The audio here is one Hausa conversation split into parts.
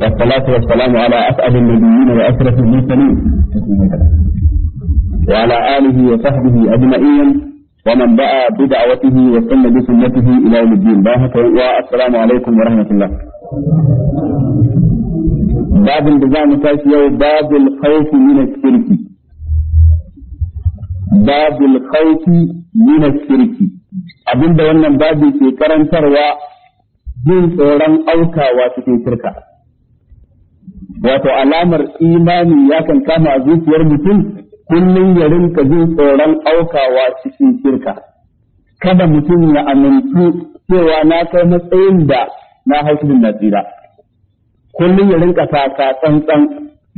والصلاة والسلام على أسعد النبيين وأشرف المرسلين وعلى آله وصحبه أجمعين ومن دعا بدعوته وسن بسنته إلى يوم الدين باهك والسلام عليكم ورحمة الله باب الثالثي تاشي باب الخوف من الشرك باب الخوف من الشرك abinda باب في ke karantarwa jin tsoron أوكا cikin shirka wato alamar imani ya kan kama a zuciyar mutum kullum ya rinka jin tsoron aukawa cikin shirka kada mutum ya amintu cewa na kai matsayin da na hau da na kullum ya rinka taka tsantsan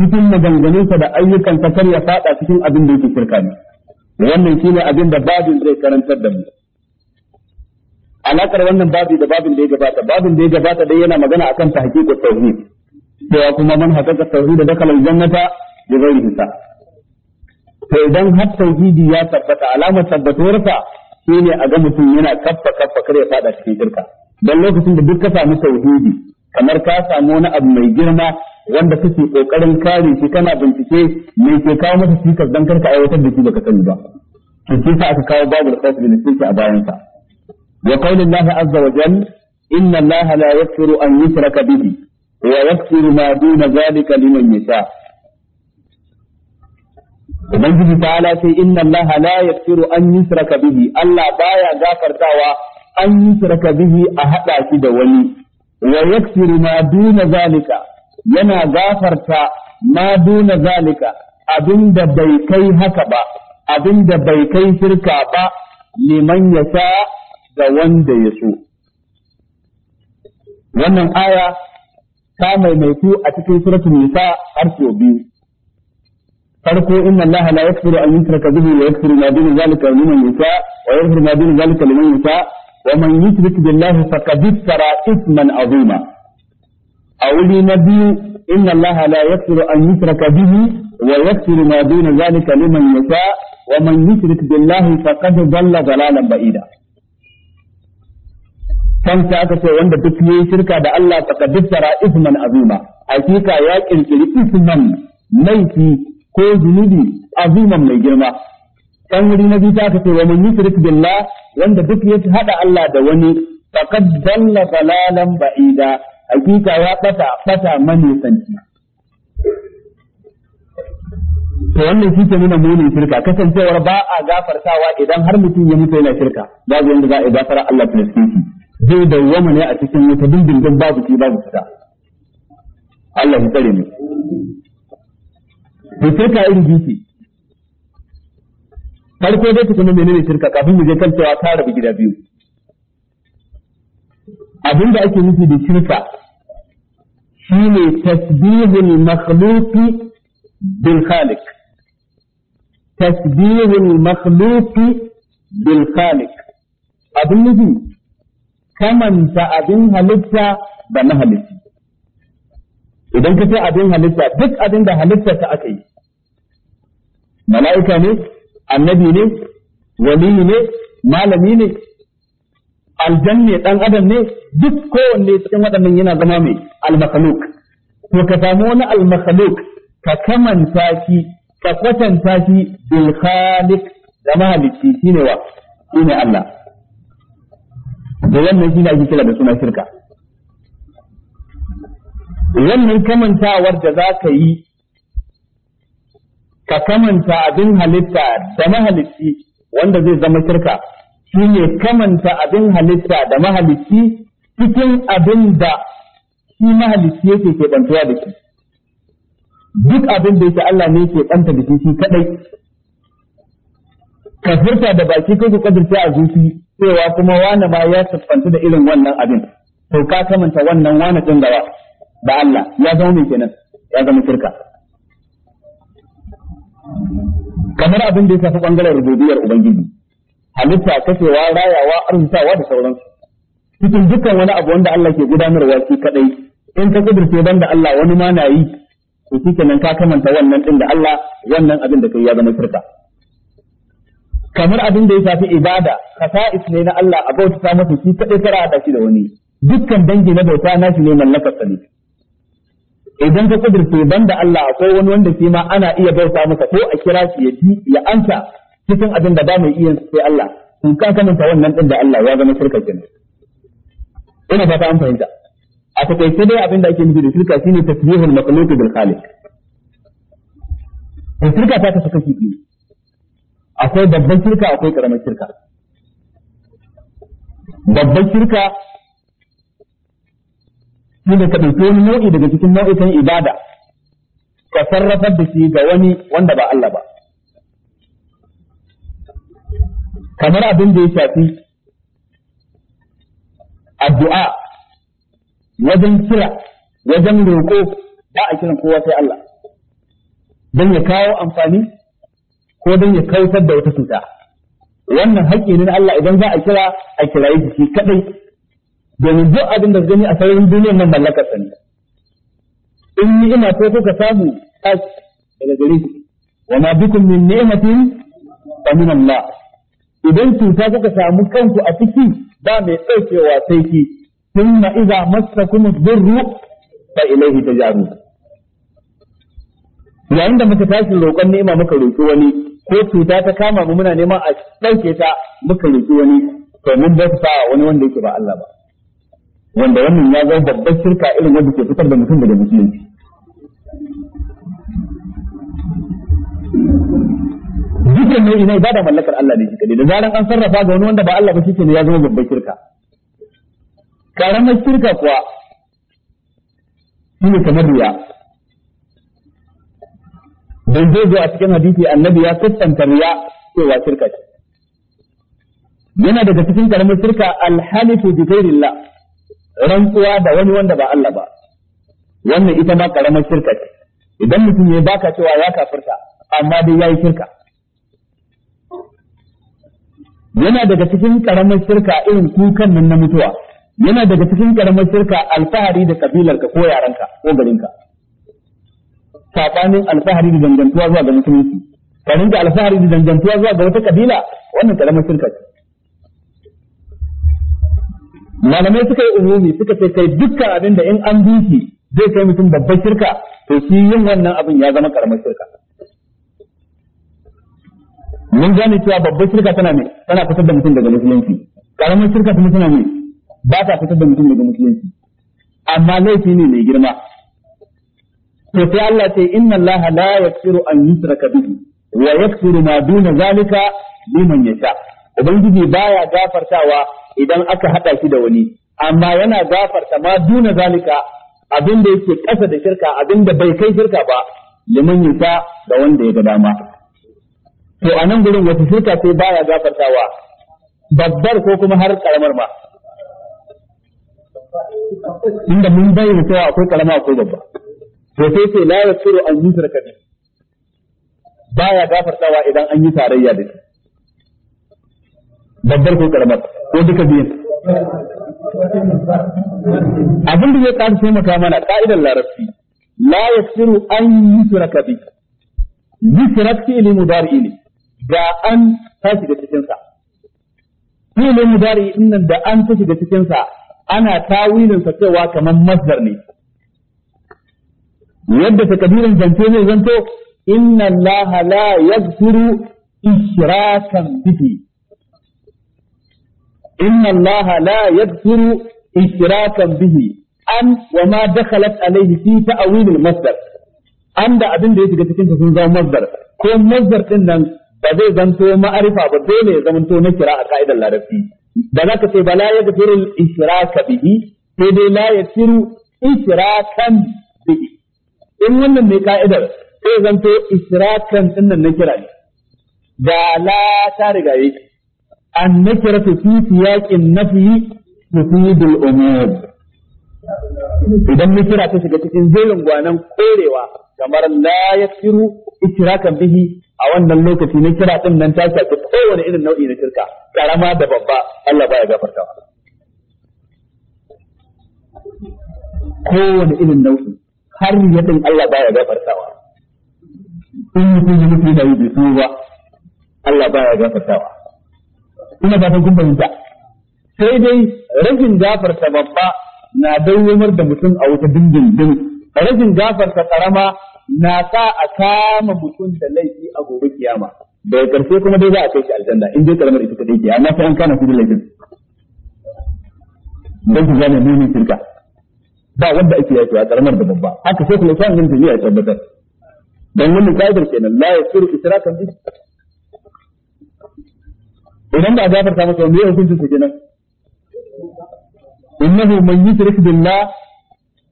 cikin maganganunsa da ayyukansa kar ya fada cikin abin da yake shirka ne wannan shine abin da babin zai karantar da mu alakar wannan babi da babin da ya gabata babin da ya gabata dai yana magana akan tahqiqut tauhid cewa kuma man haƙaƙa tauhid da kala jannata bi ghairi hisab to idan har tauhidi ya tabbata alamar tabbatuwarsa ne a ga mutum yana kaffa kaffa kare fada cikin shirka Don lokacin da duk ka samu tauhidi kamar ka samu wani abu mai girma wanda kake ƙoƙarin kare shi kana bincike mai ke kawo masa cikas don karka aiwatar da shi ka sani ba to shi sa aka kawo babu khawf da shirka a bayansa. Ya wa qawli Allah azza wa jalla inna Allah la yaghfiru an yushraka bihi ويغفر ما دون ذلك لمن يشاء Ubangiji ta ala ce inna Allah la yaghfiru an yusraka bihi Allah baya gafartawa an yusraka bihi a haɗa shi da wani wa yaghfiru ma zalika yana gafarta ma duna zalika abinda bai kai haka ba abinda bai kai shirka ba liman yasha da wanda ya so wannan aya ta maimaitu a cikin suratul nisa har biyu farko inna Allah la yaghfiru an yushraka bihi wa yaghfiru ma dun zalika liman yasha wa yaghfiru ma dun zalika liman yasha wa man yushrik billahi faqad iftara ithman azima a wuri na biyu inna Allah la yaghfiru an yushraka bihi wa yaghfiru ma dun zalika liman yasha wa man yushrik billahi faqad dhalla dhalalan ba'ida kanta aka ce wanda duk ne shirka da Allah ka kaddara isman azima hakika ya kirkiri isman laifi ko zunubi aziman mai girma dan wuri na biyu aka ce wa man yushrik billah wanda duk ya hada Allah da wani faqad dalla dalalan ba'ida hakika ya fata bata manisanci to wannan shi ke nuna munin shirka kasancewar ba a gafartawa idan har mutum ya mutu yana shirka babu yanda za a gafara Allah ta shi zai dawwama ne a cikin wuta dindindin babu shi babu fita Allah ya tsare mu to shirka irin biyu farko dai tukuna menene shirka kafin mu je kan cewa ta rabu gida biyu abin da ake nufi da shirka shine tasbihul makhluqi bil khaliq tasbihul makhluqi bil khaliq abin nufi kamanta abin halitta da na idan ka ce abin halitta duk abin da halitta ta aka yi mala'ika ne annabi ne waliyi ne malami ne aljan ne ɗan adam ne duk kowanne cikin waɗannan yana zama mai almakaluk to ka samu wani almakaluk ka kamanta shi ka kwatanta shi bil khaliq da mahalicci shine wa shine Allah da wannan ne ake kira da suna shirka wannan kamantawar da za ka yi ka kamanta abin halitta da mahalicci wanda zai zama shirka shine kamanta abin halitta da mahalicci cikin abin da shi mahalicci yake ke bantuwa da shi duk abin da yake Allah ne ke ɗanta da shi shi kadai ka furta da baki ko ku kadirce a zuci cewa kuma wane ma ya siffanta da irin wannan abin to ka kamanta wannan wane din gawa da Allah ya zama mai kenan ya zama shirka kamar abin da ya shafi bangaren rububiyar ubangiji halitta kasewa rayawa arzikawa da sauransu cikin dukkan wani abu wanda Allah ke gudanarwa shi kaɗai, in ka kudurce da Allah wani ma na yi to kenan ka kamanta wannan din da Allah wannan abin da kai ya zama shirka kamar abin da ya shafi ibada kasa'is ne na Allah a bauta masa shi kaɗai kara da shi da wani dukkan dangi na bauta na shi ne mallakar sa ne idan ka kudirce banda Allah akwai wani wanda shi ma ana iya bauta masa ko a kira shi ya ya ansa cikin abin da ba mai iya sai Allah in ka kamanta wannan din da Allah ya zama shirka kenan ina fata an fahimta a takaice dai abin da ake nufi da shirka shine tasbihul makhluq bil khaliq shirka ta kasu kashi biyu akwai babban shirka akwai karamar shirka babban shirka shi ne ka wani nau'i daga cikin nau'ikan ibada ka sarrafar da shi ga wani wanda ba Allah ba kamar abin da ya shafi addu'a wajen kira wajen roƙo ba a kiran kowa sai Allah don ya kawo amfani ko don ya kautar da wata cuta wannan haƙƙi ne na Allah idan za a kira a kirayi jiki kadai domin duk abin da gani a sauran duniyar nan mallakar sa ne in ni ina ko kuka samu as daga gare shi wa ma bikum min ni'matin fa min Allah idan cuta kuka samu kanku a ciki ba mai daukewa sai ki thumma idza massakum ad-durru fa ilayhi tajarun yayin da muka tashi roƙon ni'ima muka roƙi wani ko cuta ta kama mu muna neman a ɗauke ta muka roƙi wani to mun ba sa wani wanda yake ba Allah ba wanda wannan ya zama babbar shirka irin wanda ke fitar da mutum daga musulunci dukkan nau'i na ibada mallakar Allah ne shi da zaran an sarrafa ga wani wanda ba Allah ba shi ne ya zama babbar shirka karamar shirka kuwa shine kamar riya don zai zo a cikin hadisi annabi ya kusanta riya cewa shirka yana daga cikin karamin shirka alhalifu bi ghairillah rantsuwa da wani wanda ba Allah ba wannan ita ma karamar shirka ce idan mutum ya baka cewa ya kafirta amma dai yayi shirka yana daga cikin karamar shirka irin kukan nan na mutuwa yana daga cikin karamar shirka alfahari da kabilarka ko yaranka ko garinka sabanin alfahari da dangantuwa zuwa ga musulunci ka rinka alfahari da dangantuwa zuwa ga wata kabila wannan karamar shirka ce malamai suka yi umumi suka ce kai dukkan abin da in an bi shi zai kai mutum babbar shirka to shi yin wannan abin ya zama karamar shirka mun gane cewa babbar shirka tana ne tana fitar da mutum daga musulunci karamar shirka kuma tana ne ba ta fitar da mutum daga musulunci amma laifi ne mai girma to sai Allah ce inna Allah la yaksiru an yusraka bihi wa yaksiru ma duna zalika liman yasha ubangiji baya gafartawa idan aka hada shi da wani amma yana gafarta ma duna zalika abin da yake kasa da shirka abin da bai kai shirka ba liman yasha da wanda ya ga dama to a nan gurin wata shirka sai baya gafartawa babbar ko kuma har karamar ma inda mun bayyana cewa akwai karama akwai babba to sai sai la yaghfiru an yi yushraka bi baya gafartawa idan an yi tarayya da shi babbar ko karamar ko duka biyan. abin da ya zai sai maka mana ka'idar larabci la yaghfiru an yi yushraka bi yusrak fi'li mudari ne da an ta shiga cikin sa fi'li mudari inda nan da an ta shiga cikin sa ana tawilin sa cewa kamar masdar ne yadda takadirin zance zai zanto inna allaha la yaghfiru ishrakan bihi inna allaha la yaghfiru ishrakan bihi an wa ma dakhalat alayhi fi ta'wil al-masdar an da abin da ya shiga cikin sun zama masdar ko masdar din nan ba zai zanto ma'arifa ba dole ya zamanto na kira a ka'idar larabci da ka ce bala ya gafiru al-ishraka bihi sai dai la yafiru ishrakan bihi in wannan ne ka'idar sai zanto israkan din nan na kira ne da la ta riga yi an nakira fi siyaqin nafyi tufidul idan kira ta shiga cikin jerin gwanan korewa kamar la yakiru israkan bihi a wannan lokaci na kira din nan ta shafi kowane irin nau'i na shirka karama da babba Allah baya gafarta kowane irin nau'i har ya din Allah baya gafartawa in mutum ya mutu yana yi bai ba, Allah baya gafartawa ina ba kun fahimta sai dai rashin gafarta babba na dawwamar da mutum a wata dindindin rashin gafarta karama na sa a kama mutum da laifi a gobe kiyama daga karshe kuma dai za a kai shi aljanna in dai karamar ita kadai ke amma sai an kana shi da laifin dan ku gane munin shirka ba wanda ake yafi a karamar da babba haka sai kuma sai ganta ya tabbatar dan wannan kaidar kenan la yasiru israkan bi idan ba gafarta masa me hukuncin sa kenan innahu man yushrik billah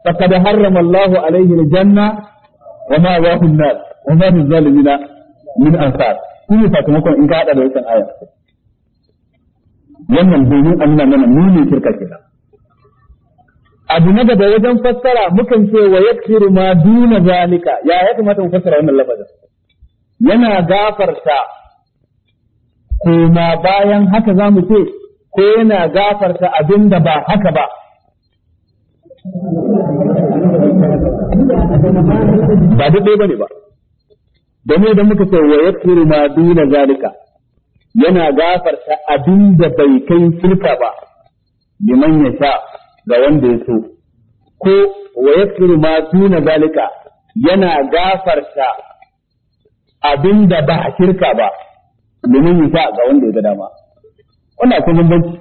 faqad harrama Allahu alayhi aljanna wa ma wa hunnar wa ma lizalimina min ansar kuma sakamakon in ka hada da wannan aya wannan domin annana mana mu ne shirka kenan abu na gaba wajen fassara mukan ce wa yaksiru ma duna zalika ya ya kamata mu fassara wannan lafazin yana gafarta koma bayan haka za mu ce ko yana gafarta abin da ba haka ba ba daɗe ba ne ba domin idan muka ce wa yaksiru ma duna zalika yana gafarta abin da bai kai sulfa ba liman ya sha ga wanda ya so ko wa ma duna zalika yana gafarta abinda ba a shirka ba domin yi sa ga wanda ya ga dama wannan akwai bambanci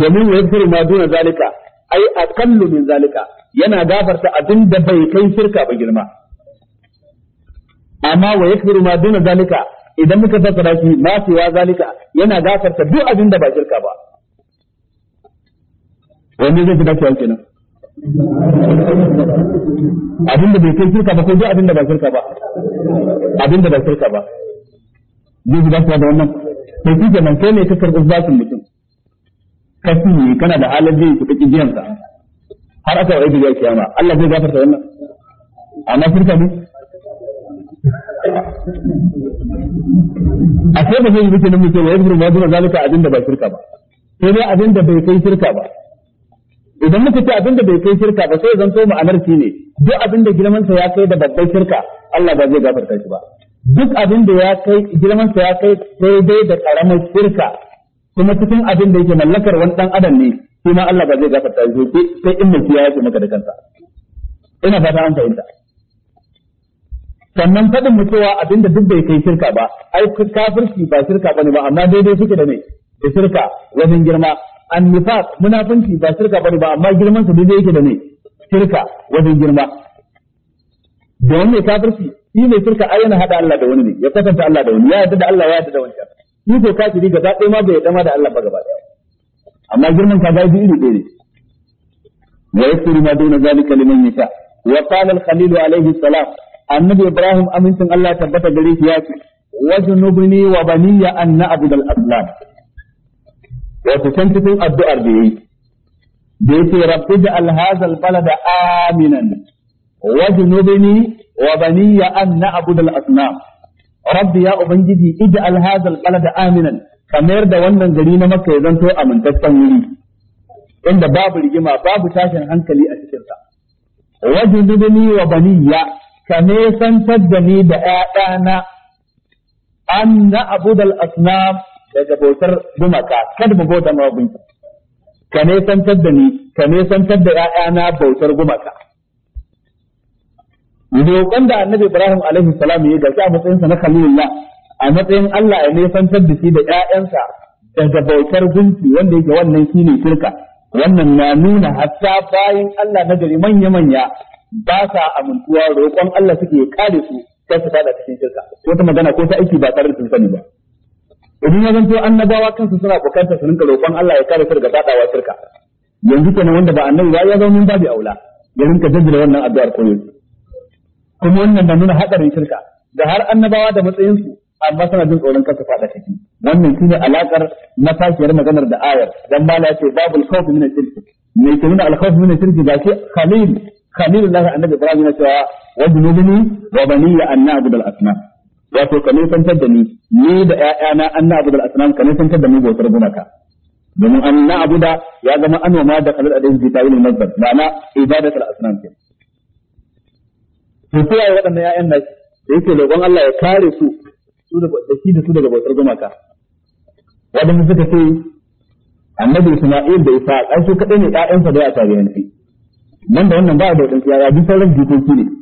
domin wa ma duna zalika ai aqallu min zalika yana gafarta abinda bai kai shirka ba girma amma wa ma duna zalika idan muka fassara shi ma siwa zalika yana gafarta duk abinda ba shirka ba wanda zai fi dacewa kenan abinda bai kai shirka ba ko duk abinda ba shirka ba abinda ba shirka ba zai fi dacewa da wannan sai shi kenan kai ne ka karɓi zafin mutum ka ne kana da halar zai ku kaki biyansa har aka wa aiki kiyama Allah zai gafarta wannan amma shirka ne a sai ba zai yi mutum mutum wa yadda ma zalika abinda ba shirka ba sai dai abinda bai kai shirka ba idan muka ce abinda bai kai shirka ba sai zan so ma'anar shi ne duk abinda girmansa ya kai da babbar shirka Allah ba zai gafarta shi ba duk abinda ya kai girmansa ya kai sai dai da karamar shirka kuma cikin abin da yake mallakar wani dan adam ne shi ma Allah ba zai gafarta shi sai sai in mutum ya yi maka da kansa ina fata an fahimta sannan fadin mu cewa abinda duk bai kai shirka ba ai kafirci ba shirka bane ba amma daidai suke da ne da shirka wajen girma annifaq munafunci ba shirka bane ba amma girman sa dai yake da ne shirka wajen girma don me kafirci shi ne shirka ai yana hada Allah da wani ne ya kasanta Allah da wani ya yarda da Allah ya yarda da wani shi ko kafiri gaba ɗaya ma bai yarda ma da Allah ba gaba ɗaya amma girman ka ga iri ɗaya ne wa yasiru ma duna zalika liman yasha wa qala al-khalil alayhi salam annabi ibrahim amincin Allah tabbata gare shi ya ce wajnubni wa baniya an na'budu aslam wato can cikin addu'ar da yayi da yake rabbi da alhazal balada aminan wajnubni wa baniya an na'budal asnam rabbi ya ubangiji ij'al hadzal balada aminan kamar da wannan gari na makka ya zanto amintaccen wuri inda babu rigima babu tashin hankali a cikin sa wajnubni wa baniya kame santar da ni da ƴaƴana an na'budal asnam daga bautar gumaka kada mu bauta ma ka ne santar da ni ka ne santar da bautar gumaka roƙon da annabi ibrahim alaihi salam ya gaci a matsayin na khalilullah a matsayin Allah ya ne santar da shi da 'ya'yansa, daga bautar gunki wanda yake wannan shine shirka wannan na nuna hatta bayin Allah na gari manya manya ba sa amintuwa roƙon Allah suke kare su sai su fada cikin shirka wata magana ko ta aiki ba tare da sun sani ba idan ya zanto annabawa kansu suna bukatar su rinka roƙon Allah ya kare su daga fadawa shirka yanzu kenan wanda ba annabi ba ya zama ba babu aula ya rinka jaddada wannan addu'ar koyo kuma wannan na nuna hadarin shirka da har annabawa da matsayinsu amma suna jin tsoron kansu fada ciki wannan shine alakar matashiyar maganar da ayar dan mala yace babul khawf min ash-shirk mai ke nuna al-khawf min ash-shirk ba shi khalil khalilullah annabi ibrahim ya cewa wajnubni wa baniya an na'budu al-asnam wato ka nisantar da ni ni da ƴaƴana an na abu da asnam ka nisantar da mu bautar gumaka domin an na abu da ya zama anoma da kalar adin fi tawil nazar ma'ana ibadat al asnam ke to sai waɗannan ƴaƴan nan da yake roƙon Allah ya kare su su da shi da su daga bautar gumaka waɗanda suka ce annabi Isma'il da Isa ai su kadai ne ƴaƴansa da ya tabiyanci nan da wannan ba da wadansu ya duk sauran jikoki ne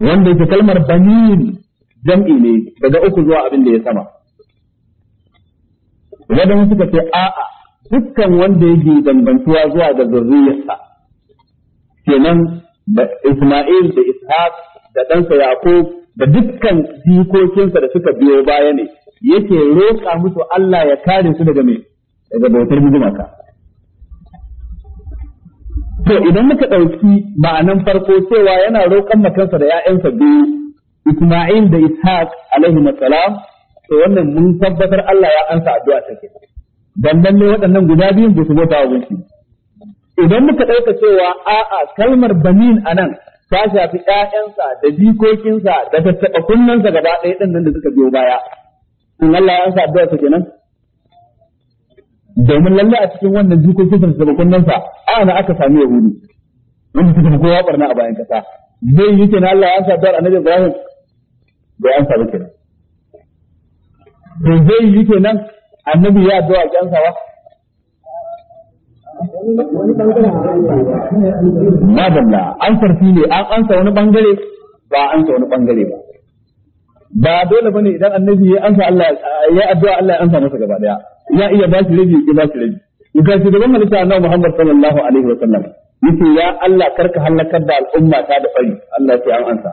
wanda yake kalmar banin jam'i ne daga uku zuwa abin da ya sama wadda suka ce a'a dukkan wanda yake dambantuwa zuwa ga zurriyarsa kenan da Isma'il da Ishaq da ɗansa Yaqub da dukkan jikokinsa da suka biyo baya ne yake roƙa musu Allah ya kare su daga me daga bautar gumaka to idan muka ɗauki ma'anan farko cewa yana roƙon makansa da ‘ya'yansa biyu Isma'il da Ishaq alaihi to wannan mun tabbatar Allah ya ansa addu'a ta ke dan dan ne waɗannan guda biyun ba su bauta wa idan muka ɗauka cewa a'a kalmar banin nan ta shafi ‘ya'yansa da jikokinsa da tattaɓa kunnensa gaba ɗaya ɗin nan da suka biyo baya in Allah ya ansa addu'a ta kenan domin lalle a cikin wannan jikokin sa da kunnan sa ana aka sami yahudi wanda suka fi kowa barna a bayan kasa zai yi kenan Allah ya sa dar annabi Ibrahim da an sa kenan to zai yi kenan annabi ya addu'a ga an sawa madalla an farfi ne an ansa wani bangare ba an ansa wani bangare ba ba dole bane idan annabi ya ansa Allah ya addu'a Allah ya ansa masa gaba daya ya iya ba shi rabi ya ba shi rabi ga shugaban halitta annabi Muhammad sallallahu alaihi wa sallam yace ya Allah karka halakar da al'umma ta da fari Allah ya an ansa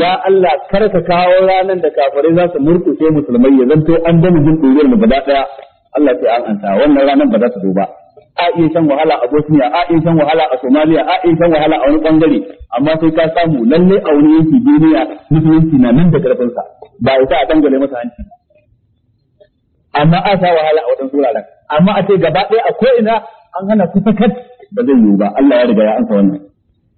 ya Allah karka kawo ranan da kafirai za su murkushe musulmai ya zanto an dama jin doriyar mu gaba daya Allah ya an ansa wannan ranan ba za ta zo ba a iya san wahala a Bosnia a iya san wahala a Somalia a iya san wahala a wani bangare amma sai ka samu lalle a wani yanki duniya musulunci na nan da karfin sa ba ita a dangale masa hanci ba amma a sa wahala a wadansu wuraren amma a ce gaba ɗaya a ko'ina an hana kusa sakat ba zai yiwu ba Allah ya riga ya ansa wannan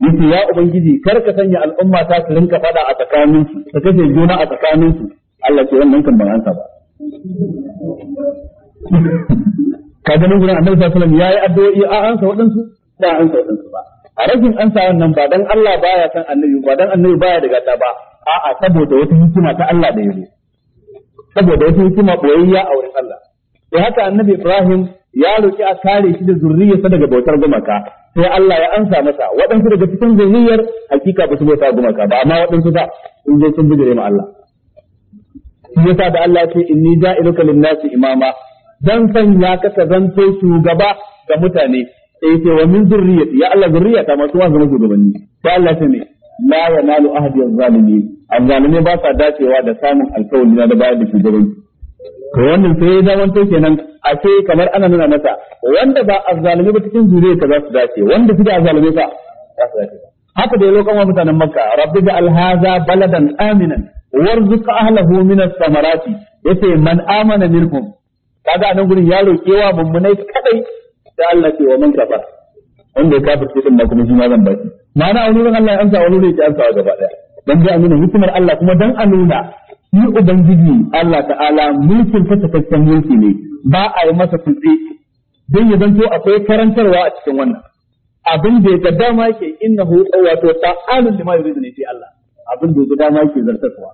yace ya ubangiji kar ka sanya al'umma ta su rinka fada a tsakanin su ta kashe juna a tsakanin su Allah ce wannan kan ban ansa ba ka ganin gurin annabi sallallahu alaihi wasallam yayi addu'o'i a ansa waɗansu da ansa waɗansu ba a rashin ansa wannan ba dan Allah baya san annabi ba dan annabi baya daga ta ba a'a saboda wata hikima ta Allah da yake saboda wata hikima boyayya a wurin Allah to haka annabi Ibrahim ya roki a kare shi da zurriyarsa daga bautar gumaka sai Allah ya ansa masa waɗansu daga cikin zurriyar hakika ba su bauta gumaka ba amma waɗansu ba sun je sun bijire ma Allah shi yasa da Allah ce inni ja'iluka lin-nasi imama dan sanya ka ka zanto shugaba ga mutane sai ce wa min zurriyyati ya Allah zurriyata masu wasu shugabanni sai Allah ce ne la yanalu ahdi az-zalimin azzalumai ba sa dacewa da samun alkawari na da bayar da shugabanci to wannan sai ya ta kenan a ce kamar ana nuna masa wanda ba azzalumai ba cikin zuriyar ka za su dace wanda suke azzalumai ba za su dace haka da lokan wa mutanen makka rabbi da alhaza baladan aminan warzuq ahlahu min as-samarati yace man amana minhum kaga nan gurin ya roke wa mummunai kadai da Allah ke wa man kafa. wanda ya kafirce din da kuma shi ma zan baki ma'ana wani ran Allah ya amsa wani ne ya amsa gaba daya dan da nuna hikimar Allah kuma dan a nuna shi ubangiji Allah ta'ala mulkin ta cikakken mulki ne ba a yi masa kutse dan ya zanto akwai karantarwa a cikin wannan abin da ya ga dama yake innahu wato ta'alun lima yuridu ne sai Allah abin da ya dama yake zartarwa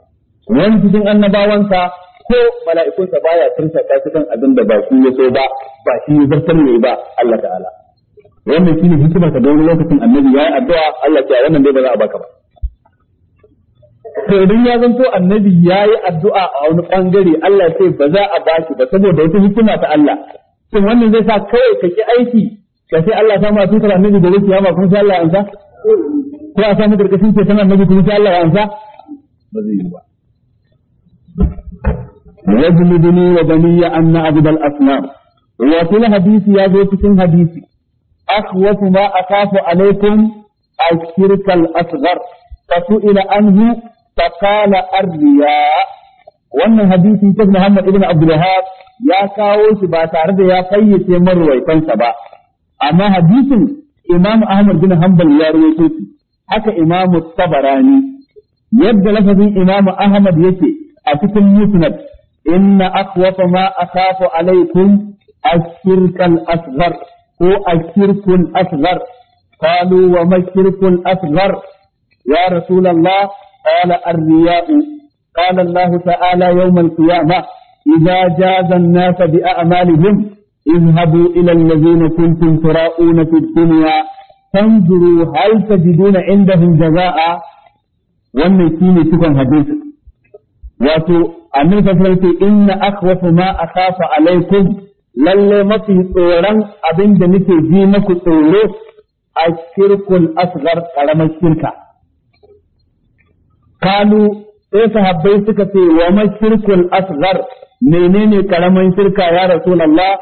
wani cikin annabawansa ko mala'ikunsa baya turta ta cikin abin da ba shi ya so ba ba shi ya zartar ne ba Allah ta'ala wannan shine hikimar ka da wani lokacin annabi yi addu'a Allah ya wannan dai ba za a baka ba to idan ya zanto annabi ya yi addu'a a wani ɓangare, Allah sai ba za a baki ba saboda wata hikima ta Allah shin wannan zai sa kawai ka ki aiki ka sai Allah ta ma tutar annabi da rukiya ma kuma sai Allah ansa ko a samu karkashin ce tana annabi kuma sai Allah ansa ba zai yi ba wajlidni wa baniya an na'bud al-asnam wa fil hadisi ya zo cikin hadisi akhwatu ma akafu alaikum al-shirk al-asghar فسئل عنه فقال الرياء wannan hadisi ta Muhammad ibn Abdul Wahab ya kawo shi ba tare da ya fayyace marwaitansa ba amma hadisin Imam Ahmad bin Hanbal ya rawaito shi haka Imam Tabarani yadda lafazin Imam Ahmad yake a cikin Musnad inna aqwafa ma akhafu alaykum الشرك الأصغر هو الشرك الأصغر قالوا وما الشرك الأصغر يا ya rasulallah. قال الرياء قال الله تعالى يوم القيامة إذا جاز الناس بأعمالهم اذهبوا إلى الذين كنتم تراؤون في الدنيا فانظروا هل تجدون عندهم جزاء wannan shine cikon hadisi wato annabi sallallahu alaihi wasallam inna akhwafu ma akhafu alaikum lalle mafi tsoron abin da nake ji maku tsoro a shirkul asghar ƙaramar shirka kalu sai sahabbai suka ce wa mashirkul asghar menene karaman shirka ya rasulullah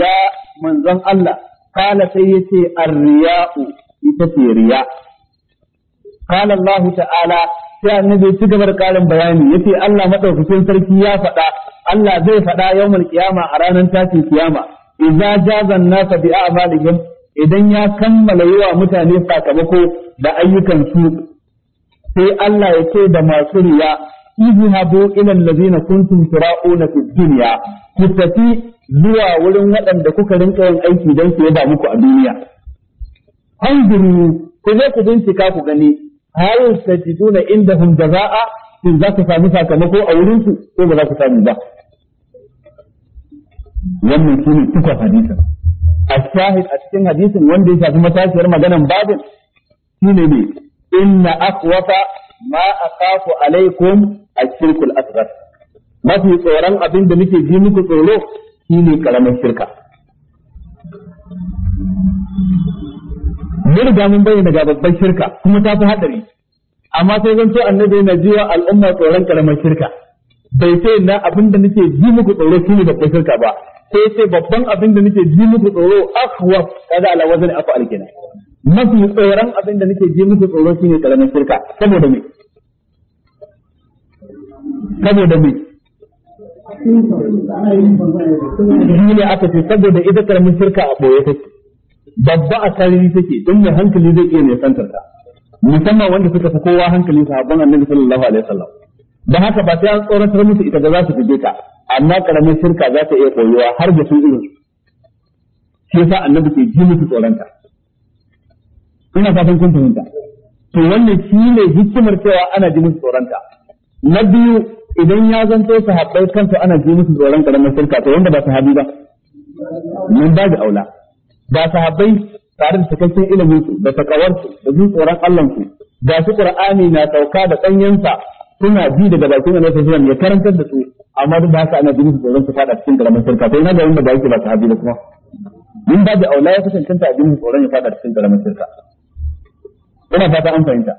ya manzon Allah kala sai yace ar ita ce riya kala Allah ta'ala sai annabi ci gaba da karin bayani yace Allah madaukakin sarki ya faɗa Allah zai faɗa yawmul qiyama a ranar tashin kiyama idza jazan an-nasa bi a'malihim idan ya kammala yawa mutane sakamako da ayyukan su sai Allah ya ce da masu riya habu ila allazina kuntum tura'una na dunya ku tafi zuwa wurin waɗanda kuka rinka yin aiki don su yaba muku a duniya anzuru ku je ku bincika ku gani hal tajiduna indahum jaza'a in za ku sami sakamako a wurin su ko ba za ku sami ba wannan shine tuka hadisin a shahid a cikin hadisin wanda ya shafi matashiyar maganan babin shine ne inna akhwafa ma akhafu alaikum ashirkul asghar mafi tsoron abin da nake ji muku tsoro shine karamin shirka mun riga mun bayyana ga babban shirka kuma ta fi hadari amma sai zan so annabi yana jiwa al'umma tsoron karamar shirka bai sai na abin da nake ji muku tsoro shine babban shirka ba sai sai babban abin da nake ji muku tsoro akhwaf kaza ala wazn afa alkina mafi tsoron abin da nake ji muku tsoro ne karamin shirka saboda me saboda me shi ne aka ce saboda ita karamin shirka a boye take babba a sarari take don mai hankali zai iya mai santar ta musamman wanda suka fi kowa hankali sahabban annabi sallallahu alaihi wasallam don haka ba sai an tsoratar musu ita ga za su fige ta amma karamin shirka za ta iya koyuwa har da sun irin shi yasa annabi ke ji musu tsoronta ina fatan kun fahimta to wannan shi ne hikimar cewa ana ji musu tsoronta na biyu idan ya zanto sahabbai kansu ana ji musu tsoron karamar shirka to wanda ba sahabi ba mun ba da aula ba sahabbai tare da cikakken ilimin su da takawarsu da jin tsoron Allah su ga su Qur'ani na sauka da danyensa suna bi daga bakin Annabi sallallahu ya karantar da su amma duk da haka ana ji musu tsoron su fada cikin karamar shirka to ina ga wanda ba yake ba sahabi ba kuma mun ba da aula ya kasance ta ji musu tsoron ya fada cikin karamar shirka ina fata an fahimta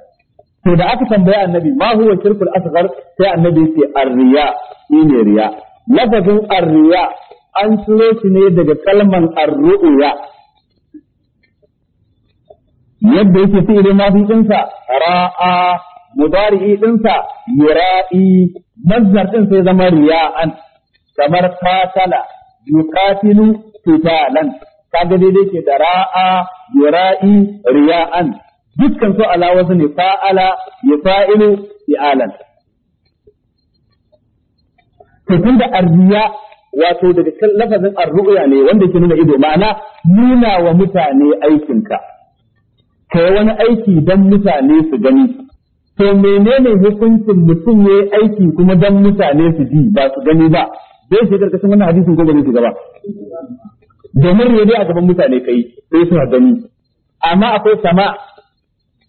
to da aka tambaya annabi ma huwa shirkul asghar sai annabi ya ce arriya shine riya lafazin arriya an tsoro shi ne daga kalman arru'ya yadda yake fi'ili mafi dinsa ra'a mudari'i dinsa yura'i mazzar din sai zama riya'an kamar fatala yuqatilu qitalan kaga daidai ke da ra'a yura'i riya'an dukkan su ala wasu ne fa'ala ya fa'ilu fi'alan to tun da arziya, wato daga kan lafazin arru'ya ne wanda ke nuna ido ma'ana nuna wa mutane aikinka kai wani aiki don mutane su gani to menene hukuncin mutum yi aiki kuma don mutane su ji ba su gani ba zai ce karkashin wannan hadisin ko ba gaba domin rede a gaban mutane kai sai suna gani amma akwai sama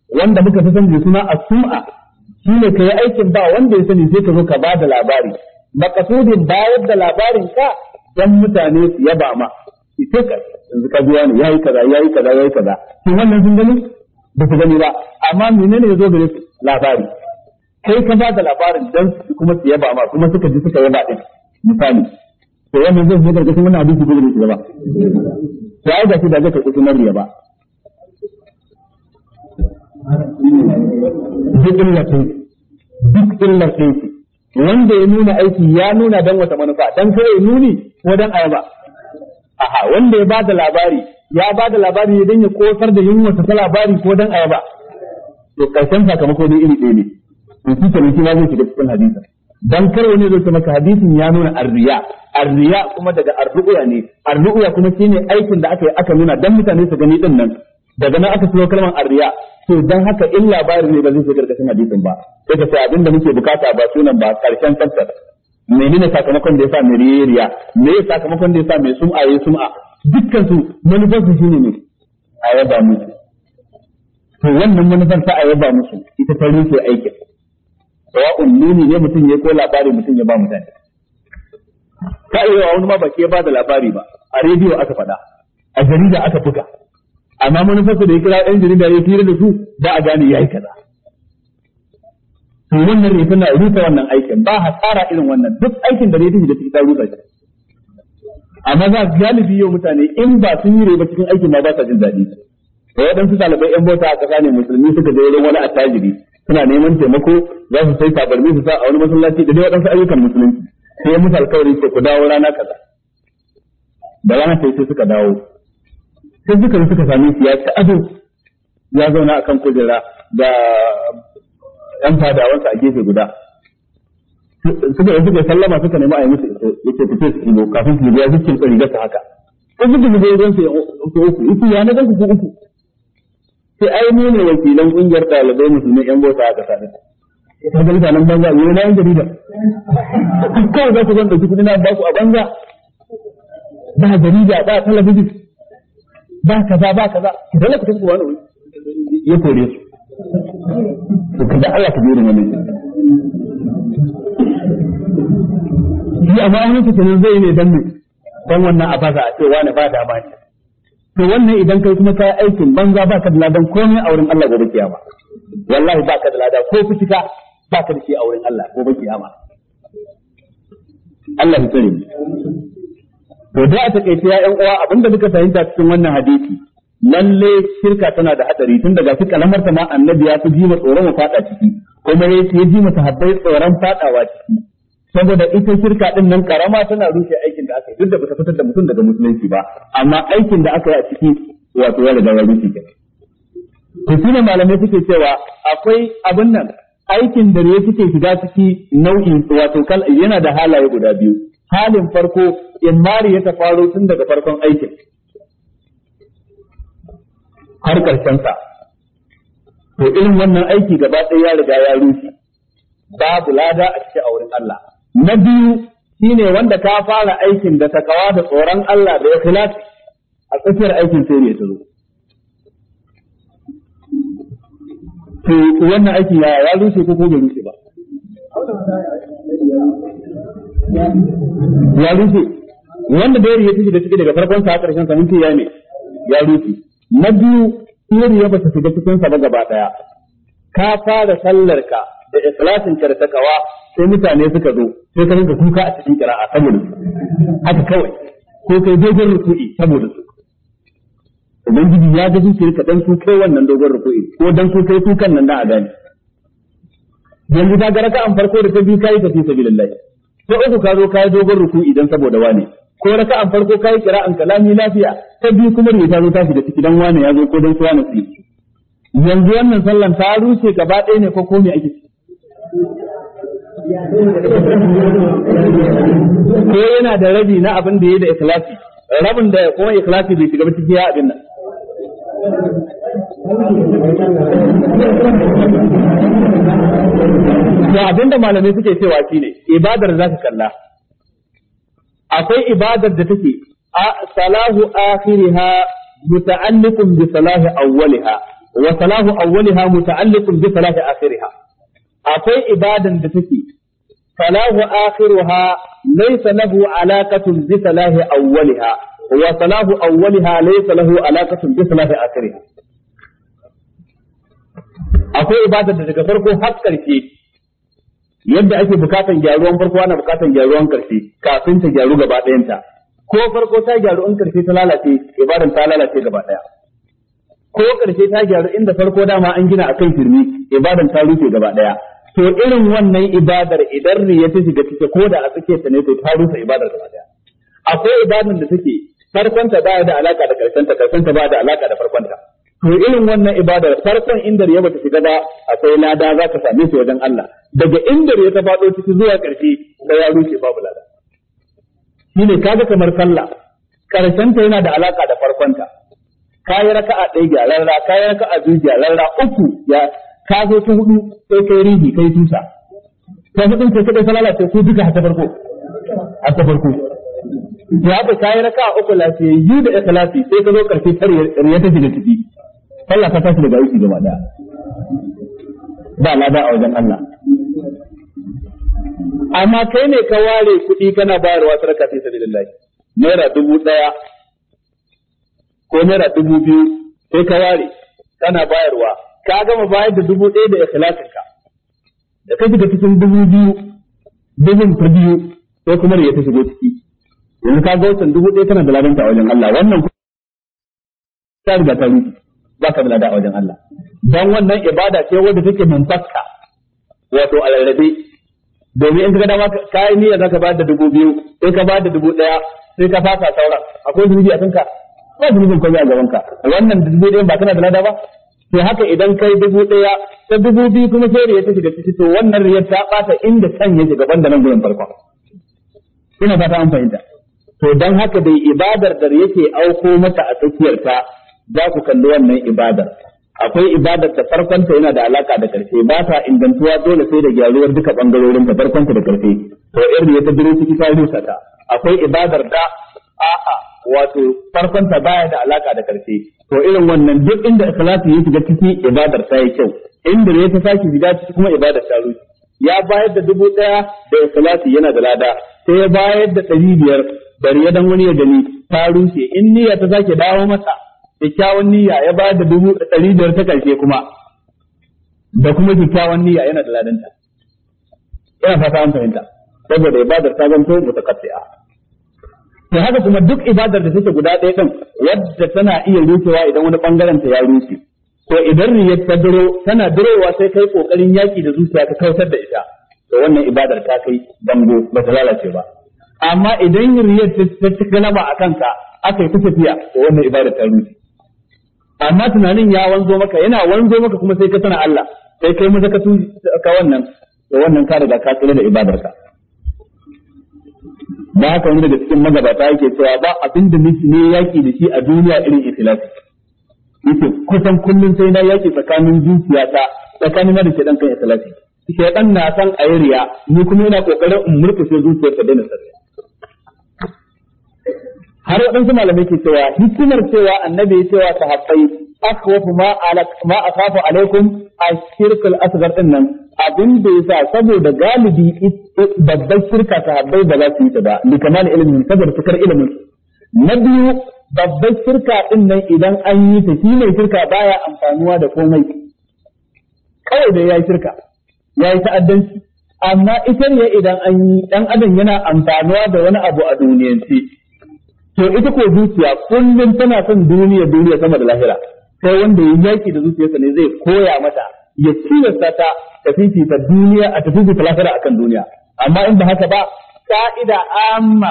wanda muka fi sanje da suna a suma shine kai aikin ba wanda ya sani sai ka zo ka ba da labari maqsudin bayar da labarin ka dan mutane su yaba ma ita ka yanzu ka biya ne yayi kaza yayi kaza yayi kaza to wannan sun gani ba su gani ba amma menene ya gare su labari kai ka ba da labarin dan su kuma su yaba ma kuma suka ji suka yaba din misali to wannan zai zo gargashin wannan hadisi da gaba to ai da shi da zaka kusa na riya ba duk illa duk illar wanda ya nuna aiki ya nuna don wata manufa dan ya nuni ko dan ayaba aha wanda ya ba da labari ya ba da labari ne don ya kosar da yunwa ta labari ko dan ayaba to karshen sakamako ne iri ɗaya ne to shi kenan shi ma zai shiga cikin hadisa dan kar wani zai maka hadisin ya nuna arriya arriya kuma daga arruya ne arruya kuma shine aikin da aka yi aka nuna dan mutane su gani din nan daga nan aka siyo kalmar arriya to dan haka in labarin ne ba zai shiga karkashin hadisin ba sai ka ce abin da muke bukata ba sunan ba karshen tafsir menene sakamakon da yasa mai riya me yasa sakamakon da yasa mai sum'a yayi sum'a dukkan su manufar su shine ne a yaba musu to wannan manufar ta a yaba musu ita ta rufe aikin wa nuni ne mutum ya ko labari mutum ya ba mutane ka iya wani ma baki ya ba da labari ba a rediyo aka faɗa a jarida aka buga amma manufarsa da ya kira ɗan jarida ya fira da su da a gane ya yi kaza to wannan ne tana rufe wannan aikin ba tsara irin wannan duk aikin da rediyo da su ta rufe shi amma za galibi yau mutane in ba sun yi ba cikin aikin ma ba sa jin daɗi da waɗansu ɗalibai yan bauta a ƙasa ne musulmi suka je wurin wani attajiri suna neman taimako za su sai tabarmi su sa a wani masallaci da dai waɗansu ayyukan musulunci sai ya musu alkawari ce ku dawo rana kaza da rana sai sai suka dawo sai suka suka same shi ya ci ado ya zauna a kan kujera da ɗan fadawansa a gefe guda suka yi suka sallama suka nemi a yi musu iso ce ku ce su ibo kafin su ibo ya zuke ɗari riga haka sai suka zubo wajen su uku uku ya na ganku su uku sai ai mu ne wakilan ƙungiyar ɗalibai musulmi ƴan bota a ƙasa ne ka ga mutanen banza yau na yan jarida kawai za ku zan ɗauki kuɗi na ba ku a banza ba jarida ba talabijin ba kaza ba kaza ki dole ku tafi wani wuri ya kore su to kada Allah ta biyo wannan shi amma wani ta kenan zai ne dan ne dan wannan a baza a ce wani ba dama ne to wannan idan kai kuma kai aikin banza ba ka da ladan komai a wurin Allah gobe kiyama wallahi ba ka da lada ko fitika ba ka da shi a wurin Allah gobe kiyama Allah ya tsare mu to da a takaice ya uwa abinda muka fahimta cikin wannan hadisi lalle shirka tana da hadari tun daga cikin kalamar ta ma annabi ya fi jima tsoron mu fada ciki kuma ya ce jima sahabbai tsoron fadawa ciki saboda ita shirka din nan karama tana rushe aikin da aka yi duk da bata fitar da mutum daga musulunci ba amma aikin da aka yi a ciki wato ya riga ya rushe ke to shine malamai suke cewa akwai abin nan aikin da ya suke shiga ciki nau'in wato kal yana da halaye guda biyu halin farko imari ya tafaro tun daga farkon aikin har karshen sa to irin wannan aiki gaba ɗaya ya riga ya rufe babu lada a cikin auren Allah na biyu shine wanda ka fara aikin da kawa da tsoron Allah da filata a tsakiyar aikin sai ne zo to wannan aiki ya ya rufe ko bai rushe ba ya rufe wanda da ya da ciki daga farkon sa a sa mun ce ya ne ya rufe na biyu ya bata shiga cikin sa ba gaba daya ka fara sallar ka da ikhlasin ka sai mutane suka zo sai ka rinka kuka a cikin kira'a saboda su haka kawai ko kai dogon ruku'i saboda su ubangiji ya ga zuciyar ka dan kuka wannan dogon ruku'i ko dan kuka kai kukan nan da a gane yanzu ka ga raka'an farko da ta biyu kai tafi sabilillah sai uku ka zo kai dogon ruku'i dan saboda wane ko an farko kai an kalami lafiya ta biyu kuma ne ta zo tashi da ciki dan wane ya zo ko dan suwa na ciki yanzu wannan sallan ta rushe gaba ɗaya ne ko ko me ake ko yana da rabi na abin da ya da ikhlasi rabin da kuma ikhlasi bai shiga ciki ya abin nan to abinda malamai suke cewa shine ibadar zaka kalla akwai ibadar da take salahu akhiriha muta'alliqun bi salahi awwaliha wa salahu awwaliha muta'alliqun bi salahi akhiriha akwai ibadan da take salahu akhiruha laysa lahu alaqatun bi salahi awwaliha wa salahu awwaliha laysa lahu alaqatun bi salahi akhiriha akwai ibadan da daga farko har ƙarshe yadda ake bukatan gyaruwan farko ana bukatan gyaruwan karshe kafin ta gyaru gaba ɗayanta ko farko ta gyaru in karshe ta lalace ibadan ta lalace gaba ɗaya ko karshe ta gyaru inda farko dama an gina akan firmi ibadan ta rufe gaba ɗaya to irin wannan ibadar idan riya ta shiga cike ko da a tsake ta ne to ta rufe ibadar gaba ɗaya akwai ibadan da take farkonta ba da alaka da karshenta karshenta ba da alaka da farkonta to irin wannan ibadar farkon inda ya bata shiga ba akwai lada za ka same shi wajen Allah daga inda ya ta fado ciki zuwa ƙarshe sai ya rushe babu lada shine kaga kamar sallah karshen ta yana da alaka da farkon ta kayi raka'a ɗaya gyararra kayi raka'a biyu gyararra uku ya ka zo ta hudu sai kai rihi kai tusa ta hudu sai kai salala sai ku duka ta farko a ta farko ya ba kayi raka'a uku lafiyayyu da ikhlasi sai ka zo ƙarshe ta riya ta shiga ciki Allah ta tashi daga aiki gaba daya ba lada a wajen Allah amma kai ne ka ware kuɗi kana bayarwa sarka sai sabilillahi naira dubu ɗaya ko naira dubu biyu sai ka ware kana bayarwa ka gama bayar da dubu ɗaya da ka. da ka shiga cikin dubu biyu dubin ta biyu sai kuma ya ta shigo ciki yanzu ka ga dubu ɗaya tana da ladanta a wajen Allah wannan ta riga ta rufe ba ka da wajen Allah dan wannan ibada ce wadda take munfaska wato a rarrabe domin in ka dama ka yi niyyar zaka bada dubu biyu sai ka bada dubu daya sai ka fasa sauran akwai zunubi a kanka ba zunubin komai a gaban ka wannan dubu ɗaya ba kana da lada ba sai haka idan kai dubu ɗaya ta dubu biyu kuma sai riya ta shiga ciki to wannan riyar ta ɓata inda can ya shiga banda nan gurin farko ina fata an fahimta to dan haka dai ibadar da yake auko mata a tsakiyar ta za ku kalli wannan ibadar akwai ibadar da farkonta yana da alaka da karfe ba ta ingantuwa dole sai da gyaruwar duka bangarorin ta farkonta da karfe to irin ya tabbiro ciki ta rusa ta akwai ibadar da a'a wato farkonta baya da alaka da karfe to irin wannan duk inda ikhlasi ya shiga ciki ibadar ta yi kyau inda ne ta saki shiga ciki kuma ibadar ta rusa ya bayar da dubu ɗaya da ikhlasi yana da lada sai ya bayar da ɗari biyar bari ya dan wani ya gani ta rushe in niyya ta sake dawo mata? kyakkyawan niyya ya ba da dubu ɗari biyar ta ƙarshe kuma da kuma kyakkyawan niyya yana da ladanta ina fata an fahimta saboda ibadar ta zanto mutakaffi'a Da haka kuma duk ibadar da take guda ɗaya ɗin wadda tana iya rufewa idan wani ɓangaren ta ya rufe ko idan niyyar ta duro tana durowa sai kai ƙoƙarin yaƙi da zuciya ta kautar da ita to wannan ibadar ta kai dango ba ta lalace ba amma idan riyar ta ci galaba a kanka aka yi tafiya to wannan ibadar ta rufe amma tunanin ya wanzo maka yana wanzo maka kuma sai ka tana Allah sai kai mu ka ka wannan to wannan ka riga ka tsira da ibadarka ba haka wani daga cikin magabata yake cewa ba abinda da ne yaki da shi a duniya irin ikhlasi yake kusan kullum sai na yaki tsakanin ta tsakanin na da ke dan kan ikhlasi shedan na san ayriya ni kuma ina kokarin in murkushe zuciyar ta daina sarriya har waɗansu malamai ke cewa hikimar cewa annabi ya cewa sahabbai akhwafu ma ala ma akhafu alaikum ashirkul asghar din nan abin da sa saboda galibi babbar shirka sahabbai ba za su yi ta ba li kamal ilmin saboda fikar ilimin na biyu babbar shirka din nan idan an yi ta shi mai shirka baya amfanuwa da komai kawai da yayi shirka yayi ta'addanci amma ita ne idan an yi dan adam yana amfanuwa da wani abu a duniyance to ita ko zuciya kullum tana son duniya duniya sama da lahira sai wanda ya yaki da zuciyarsa ne zai koya mata ya cire ta ta fifita duniya a ta lahira akan duniya amma in ba haka ba ka'ida amma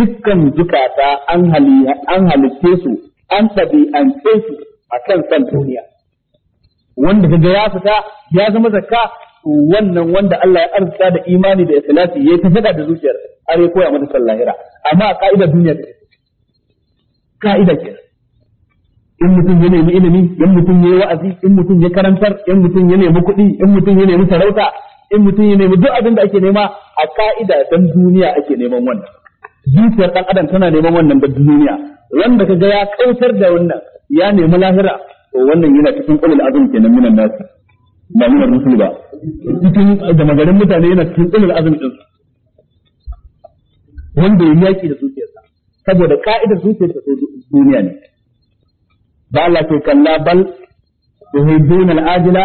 dukkan zukata an hali an halice su an tabi'ance su akan san duniya wanda kaga ya fita ya zama zakka wannan wanda Allah ya arzuta da imani da ikhlasi ya ta da zuciyarsa are ya koya mata son lahira amma a ka'idar duniya ta ka'ida ke in mutum ya nemi ilimi in mutum ya yi wa'azi in mutum ya karantar in mutum ya nemi kuɗi in mutum ya nemi sarauta in mutum ya nemi duk abin da ake nema a ka'ida dan duniya ake neman wannan zuciyar dan adam tana neman wannan da duniya wanda kaga ya kautar da wannan ya nemi lahira to wannan yana cikin ulul azum kenan minan nasu. ba minan rusul ba cikin da magarin mutane yana cikin ulul azum din wanda ya yaki da zuciyarsa saboda ka'idar zuciyarsa so duniya ne ba Allah ce kalla bal tuhibbuna al-ajila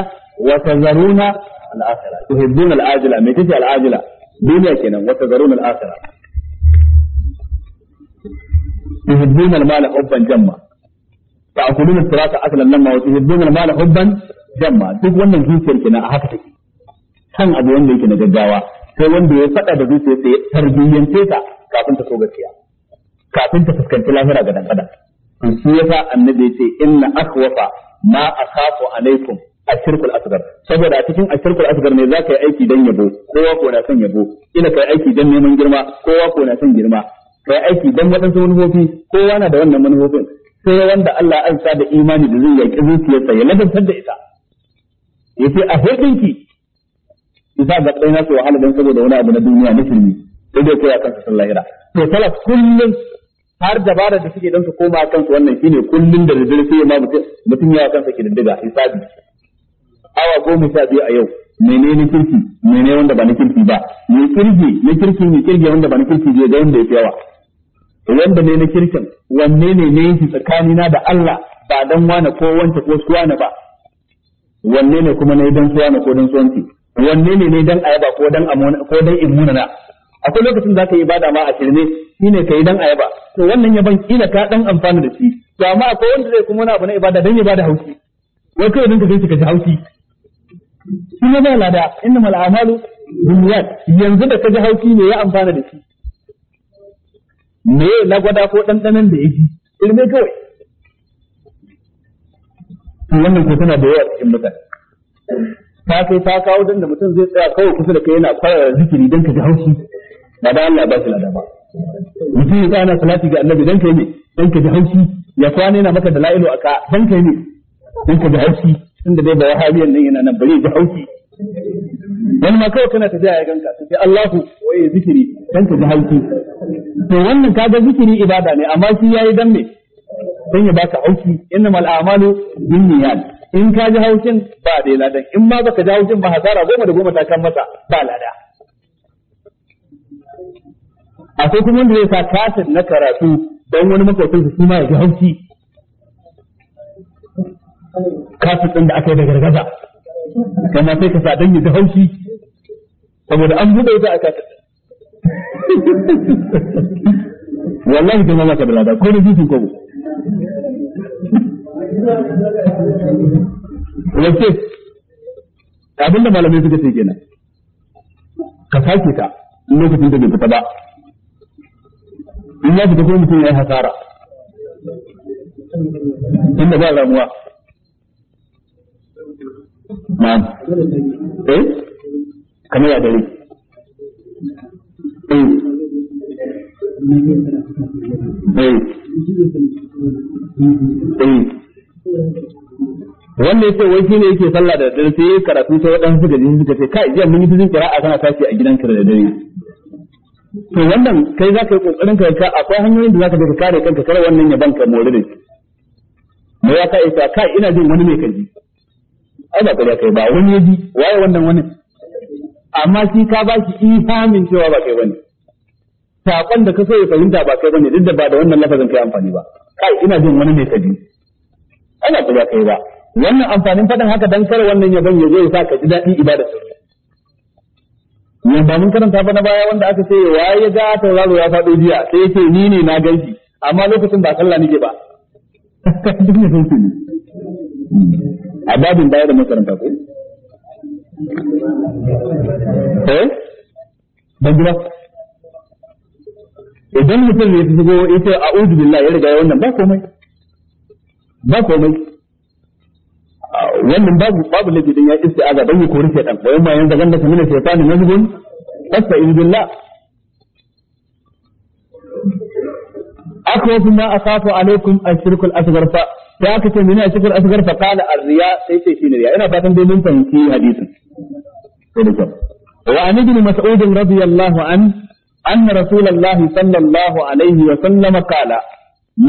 wa tazaruna al-akhirah tuhibbuna al-ajila me tace al-ajila duniya kenan wa tazaruna al-akhirah tuhibbuna al-mala hubban jamma ta'kuluna al-firata aklan lamma wa tuhibbuna al-mala hubban jamma duk wannan zuciyar kenan a haka take kan abu wanda yake na gaggawa sai wanda ya faɗa da zuciyarsa ya tarbiyyance ta kafin ta so gaskiya kafin ta fuskanci lahira ga dan adam to shi yasa annabi ce inna akhwafa ma akhafu alaikum ashirkul asgar saboda a cikin ashirkul asgar ne za ka yi aiki dan yabo kowa ko na son yabo ina kai aiki dan neman girma kowa ko na son girma kai aiki dan waɗansu manufofi kowa na da wannan manufofin sai wanda Allah an sa da imani da zai yaki zuciyarsa ya ladantar da ita yace a hurdinki idza ga tsaina su wahala dan saboda wani abu na duniya na filmi sai dai koya kansa sun lahira to talaf kullum har dabara da suke don su koma kansu wannan shine kullum da daddare sai ma mutum ya kansa ke diddiga hisabi awa goma sha biyu a yau menene kirki menene wanda ba na kirki ba ne kirki ne kirki ne kirki wanda ba na kirki bai ga wanda ya fi yawa wanda ne na kirkin wanne ne ne yake tsakanina da Allah ba dan wani ko wanta ko wani ba wanne ne kuma ne dan su wani ko dan su suwanci wanne ne ne dan ayaba ko dan amona ko dan immunana akwai lokacin za ka yi bada ma a shirme ka yi dan ayaba to wannan yaban kila ka dan amfana da shi to amma akwai wanda zai kuma wani abu na ibada dan ya bada haushi wai kawai dan ka gaishe ka ji haushi shi ne da lada innamal a'malu binniyat yanzu da ka ji haushi ne ya amfana da shi me lagwada ko dandanan da yake shirme kawai to wannan ko tana da yawa cikin mutane ta kai ta kawo dan da mutum zai tsaya kawai kusa da kai yana fara zikiri dan ka ji haushi ba da Allah ba su lada ba mutum ya tsaya salati ga annabi dan kai ne dan ka ji haushi ya kwana yana maka dalailu aka dan kai ne dan ka ji haushi tunda dai ba wahabiyan nan yana nan bare ji haushi wani ma kawai kana tafiya ya ganka sai Allahu waye zikiri dan ka ji haushi to wannan kaga zikiri ibada ne amma shi yayi dan me dan ya baka haushi innamal a'malu binniyat in ka ji haushin ba dai ladan in ma baka ji haushin ba hasara goma da goma ta kan masa ba lada akwai kuma wanda zai sa kaset na karatu don wani makwacin su ma ya ji haushi kaset ɗin da aka yi da gargaza kama sai ka sa don ya ji haushi saboda an buɗe wuta a kaset wallahi da mamaka da lada ko da jikin kogo wace abinda malamai suka ce kenan ka sake ka lokacin da bai fita ba in ya fita kuma mutum ya yi hasara inda ba ramuwa Ma'am. eh kamar ya dare eh eh eh wannan yace wai shine yake sallah da dare sai karatu sai wadansu suka ji suka ce kai jiya mun yi tuzin qira'a kana tashi a gidan kira da dare to wannan kai ka yi kokarin ka ka akwai hanyoyin da za bi ka kare kanka kar wannan ya banka more da me ya ka isa kai ina jin wani mai kaji ai ba kai kai ba wani ya ji waye wannan wani amma shi ka ba shi ihamin cewa ba kai bane sakon da ka so ya fahimta ba kai bane duk da ba da wannan lafazin kai amfani ba kai ina jin wani mai kaji ai ba kai ba wannan amfanin fadan haka dan kar wannan ya ban ya zo ya sa ka ji daɗin ibada sosai nan ba mun karanta ba na baya wanda aka ce wa ya ga tauraro ya faɗo jiya sai yake ni ne na ganki amma lokacin ba sallah nake ba duk ne sai a babin baya da makaranta ko eh ban gida idan mutum ne ya shigo ya ce a'udhu billahi ya riga ya wannan ba komai ba komai wannan babu babu laifi dan ya isti'aza dan ya kori shaytan wa yamma yanzu ganda kamina shaytan nazgun fasta'in billah akwa kuma asafu alaikum ashirkul asghar fa ya kace mina ashirkul asghar fa qala arriya sai sai shine riya ina fatan dai mun fahimci hadisin wa an ibn mas'ud radiyallahu an anna rasulullahi sallallahu alaihi wa sallam qala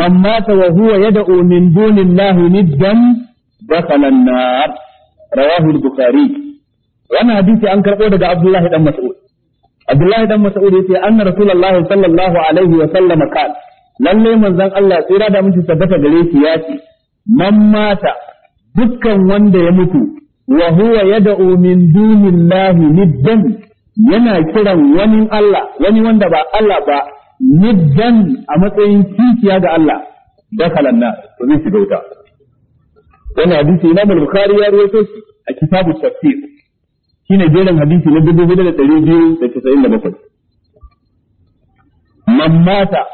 man mata wa huwa yad'u min dunillahi niddan دخل النار رواه البخاري وانا حديثي عن كربو دغ عبد الله بن مسعود عبد الله بن مسعود يتي ان رسول الله صلى الله عليه وسلم قال lalle manzon Allah tsira da mutum tabbata gare shi ya ce man mata dukkan wanda ya mutu wa ya yad'u min dunillahi niddan yana kiran wani Allah wani wanda ba Allah ba niddan a matsayin kishiya ga Allah dakalan na zai shiga bauta. wani hadisi Imam al-Bukhari ya rawaito shi a kitabu tafsir shine jerin hadisi na 2297 man mata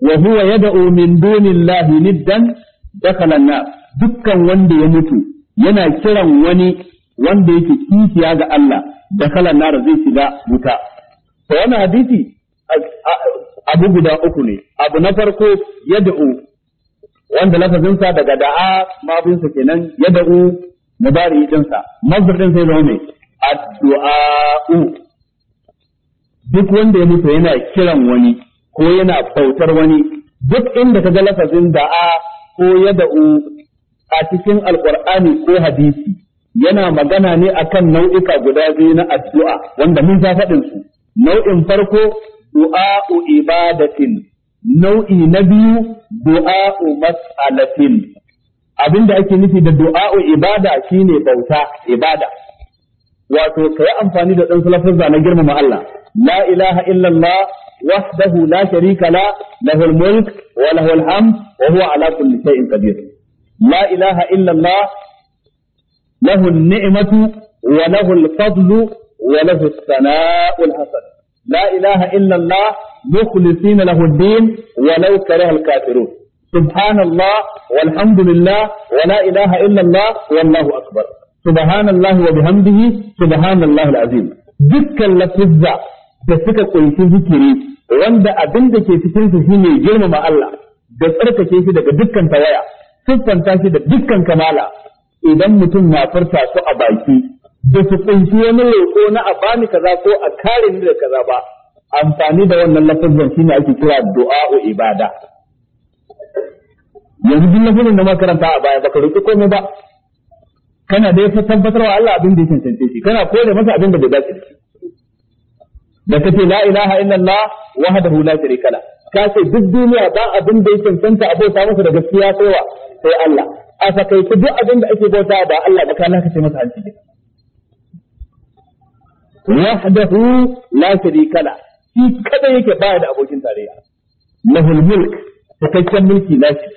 wa huwa yad'u min dunillahi niddan dakhala an dukkan wanda ya mutu yana kiran wani wanda yake kishiya ga Allah dakhala an zai shiga wuta to wannan hadisi abu guda uku ne abu na farko yad'u wanda lafazinsa daga da'a mabinsa kenan ya da'u mudari dinsa din sai zama mai addu'a'u duk wanda ya mutu yana kiran wani ko yana bautar wani duk inda ka ga lafazin da'a ko ya da'u a cikin alqur'ani ko hadisi yana magana ne akan nau'ika guda biyu na addu'a wanda mun ta faɗin su nau'in farko du'a'u ibadatin nau'i na biyu du'a'u mas'alatin abinda ake nufi da du'a'u ibada shine bauta ibada wato kai amfani da dan lafazza na girmama Allah la ilaha illallah wahdahu la sharika la lahul mulk wa lahul hamd wa huwa ala kulli shay'in qadir la ilaha illallah lahu an-ni'matu wa lahu al-fadlu wa lahu as-sana'u al-hasan la ilaha illallah مخلصين له الدين ولو كره الكافرون سبحان الله والحمد لله ولا إله إلا الله والله أكبر سبحان الله وبحمده سبحان الله العظيم da suka ƙunshi zikiri wanda abin da ke cikin su shine girmama Allah da tsarkake shi daga dukkan tawaya siffanta shi da dukkan kamala idan mutum na furta su a baki da su kunshi wani roƙo na a bani kaza ko a kare ni da kaza ba amfani da wannan lafazin shine ake kira du'a'u ibada yanzu duk lafazin da makaranta a baya baka roki komai ba kana da yafi wa Allah abin da ya cancance shi kana kore masa abin da bai dace da shi da kace la ilaha illallah wahdahu la sharika la ka ce duk duniya ba abin da ya cancanta abota masa da gaskiya sai wa sai Allah a sakaice duk abin da ake bauta ba Allah ba kana kace masa hanci wahdahu la sharika la shi kada yake baya da abokin tarayya lahul mulk cikakken mulki nashi.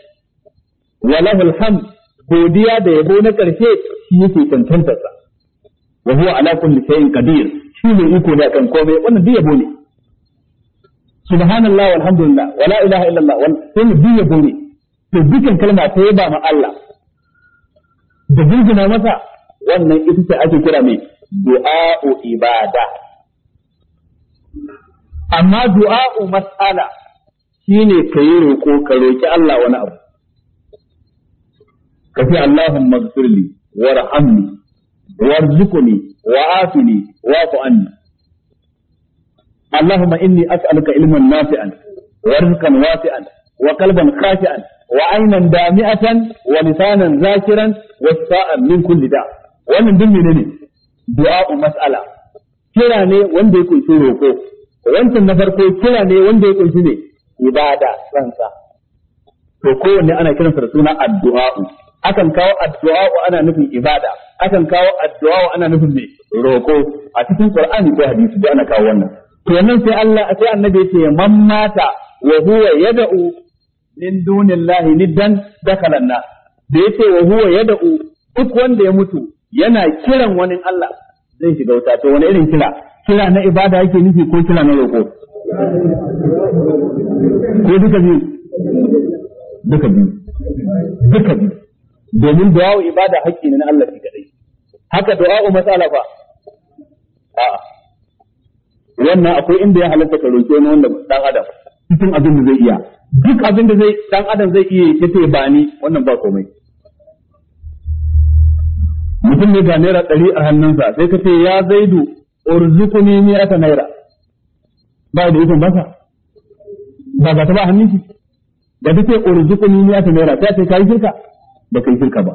wa lahul hamd godiya da yabo na karshe shi yake tantanta sa wa huwa ala kulli shay'in qadir shi ne iko ne akan komai wannan duk yabo ne subhanallah walhamdulillah wala ilaha illallah wannan duk yabo ne to dukkan kalma ta yaba ma Allah da jinjina masa wannan ita ce ake kira mai du'a'u ibada amma du'a'u mas'ala shine ka yi roƙo ka roƙi Allah wani abu ka fi Allahun mazfirli wa rahamni wa rizukuni wa afini wa fu'anni Allahumma inni as'aluka ilman nafi'an wa rizqan wasi'an wa qalban khashi'an wa aynan dami'atan wa lisanan zakiran wa sa'an min kulli da wannan dun menene du'a'u mas'ala kira ne wanda yake so roƙo wancan na farko kira ne wanda ya kunshi ne ibada ransa to kowanne ana kiransa da suna addu'a akan kawo addu'a ana nufin ibada akan kawo addu'a ana nufin me roko a cikin qur'ani ko hadisi da ana kawo wannan to nan sai Allah sai annabi yace man mata wa huwa yad'u min dunillahi niddan dakalanna. na da yace wa huwa yad'u duk wanda ya mutu yana kiran wani Allah zai shiga wuta to wani irin kira kira na ibada yake nufi ko kira na roƙo ko duka biyu duka biyu duka biyu domin du'a ibada haƙƙi ne na Allah shi kadai haka du'a masala fa a'a wannan akwai inda ya halatta ka roƙe na wanda dan adam cikin abin da zai iya duk abin da zai dan adam zai iya ce ba ni wannan ba komai mutum ne ga naira ɗari a hannunsa sai ka ce ya zaidu urzuquni mi aka naira ba da ikon basa ba ba ta ba hannunki? shi da take urzuquni mi aka naira sai ce kai shirka ba kai shirka ba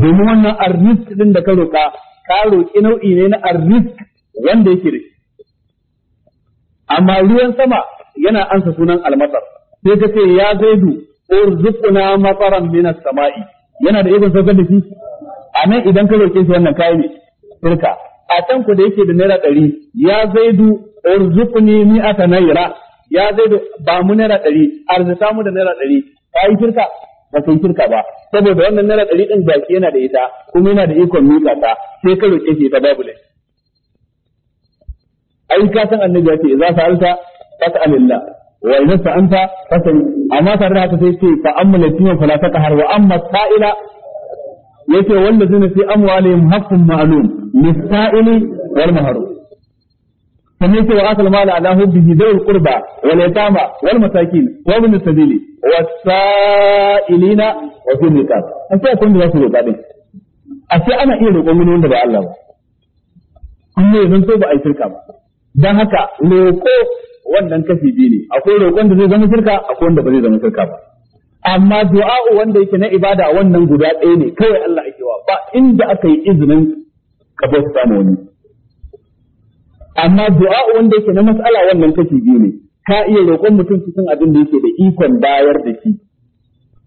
domin wannan arzik din da ka roƙa ka roƙi nau'i ne na arzik wanda yake da amma ruwan sama yana ansa sunan almasar sai ka ce ya zaidu urzuquna mataran minas sama'i yana da ikon saukar da shi a nan idan ka roƙe shi wannan kayi ne Firka, a can ku da yake da naira ɗari ya zaidu urzuqni mi'ata naira ya zaidu ba mu naira ɗari arzuta mu da naira ɗari ka yi firka? ba kai firka ba saboda wannan naira ɗari ɗin baki yana da ita kuma yana da ikon mika ta sai ka roƙe shi ta babu laifi ai ka san annabi ya ce idza sa'alta fas'alillah wa idza sa'anta fas'al amma tare da haka sai ce fa amma latina ta taqhar wa amma sa'ila yace wallazina fi amwalihim haqqun ma'lum lis-sa'ili wal mahrum sannan ce wa asal mala ala hubbihi dawul qurba wal yatama wal masakin wa ibn sabili was sa'ilina wa fi riqab an sai kun da su roƙa din a sai ana iya roƙon wani wanda ba Allah ba kuma yanzu so ba a shirka ba dan haka roƙo wannan kashi biyu ne akwai roƙon da zai zama shirka akwai wanda ba zai zama shirka ba amma du'a'u wanda yake na ibada wannan guda ɗaya ne kawai Allah ake wa ba inda aka yi izinin ka su samu wani amma du'a'u wanda yake na mas'ala wannan kashi biyu ne ka iya roƙon mutum cikin abin da yake da ikon bayar da shi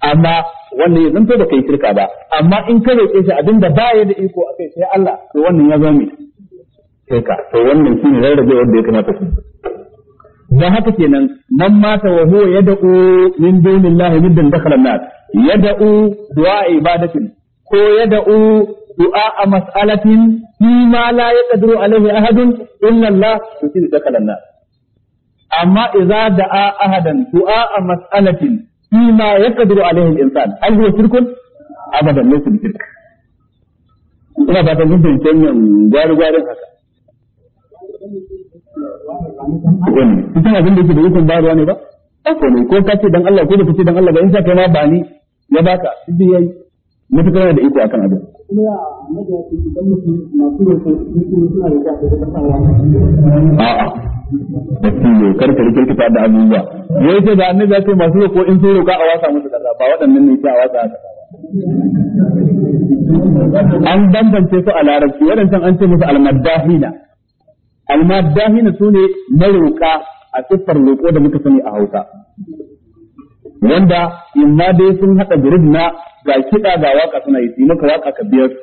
amma wannan ya zanto da kai shirka ba amma in ka roƙe shi abin da baya da iko akai sai Allah to wannan ya zo mai shirka to wannan shine rarrabe wanda ya kamata ku da haka kenan man mata wa huwa yad'u min dunillahi middan dakhala an-nar yad'u du'a ibadatin ko yad'u du'a mas'alatin ma la yaqdiru alayhi ahadun illa Allah yusin dakhala an-nar amma idza da'a ahadan du'a mas'alatin ma yaqdiru alayhi al-insan hal huwa shirkun abadan laysa bi shirk ina ba ta gudun fahimci wannan gwari-gwarin haka wannan abin da yake da bayarwa ne ba ko ne ko ka dan Allah ko da kace dan Allah ba in sa kai ba ni ya baka duk yayi mutukar da iko akan abin a'a kar ka rike kita da abubuwa ya ce da annabi ya ce masu roƙo in sun roƙa a wasa musu kaza ba waɗannan ne ke a wasa haka an bambance su a larabci waɗancan an ce musu almadahina dahina su ne roƙa a siffar roƙo da muka sani a hausa wanda in ma dai sun haɗa gurub na ga kiɗa ga waka suna yi su maka waka ka biya su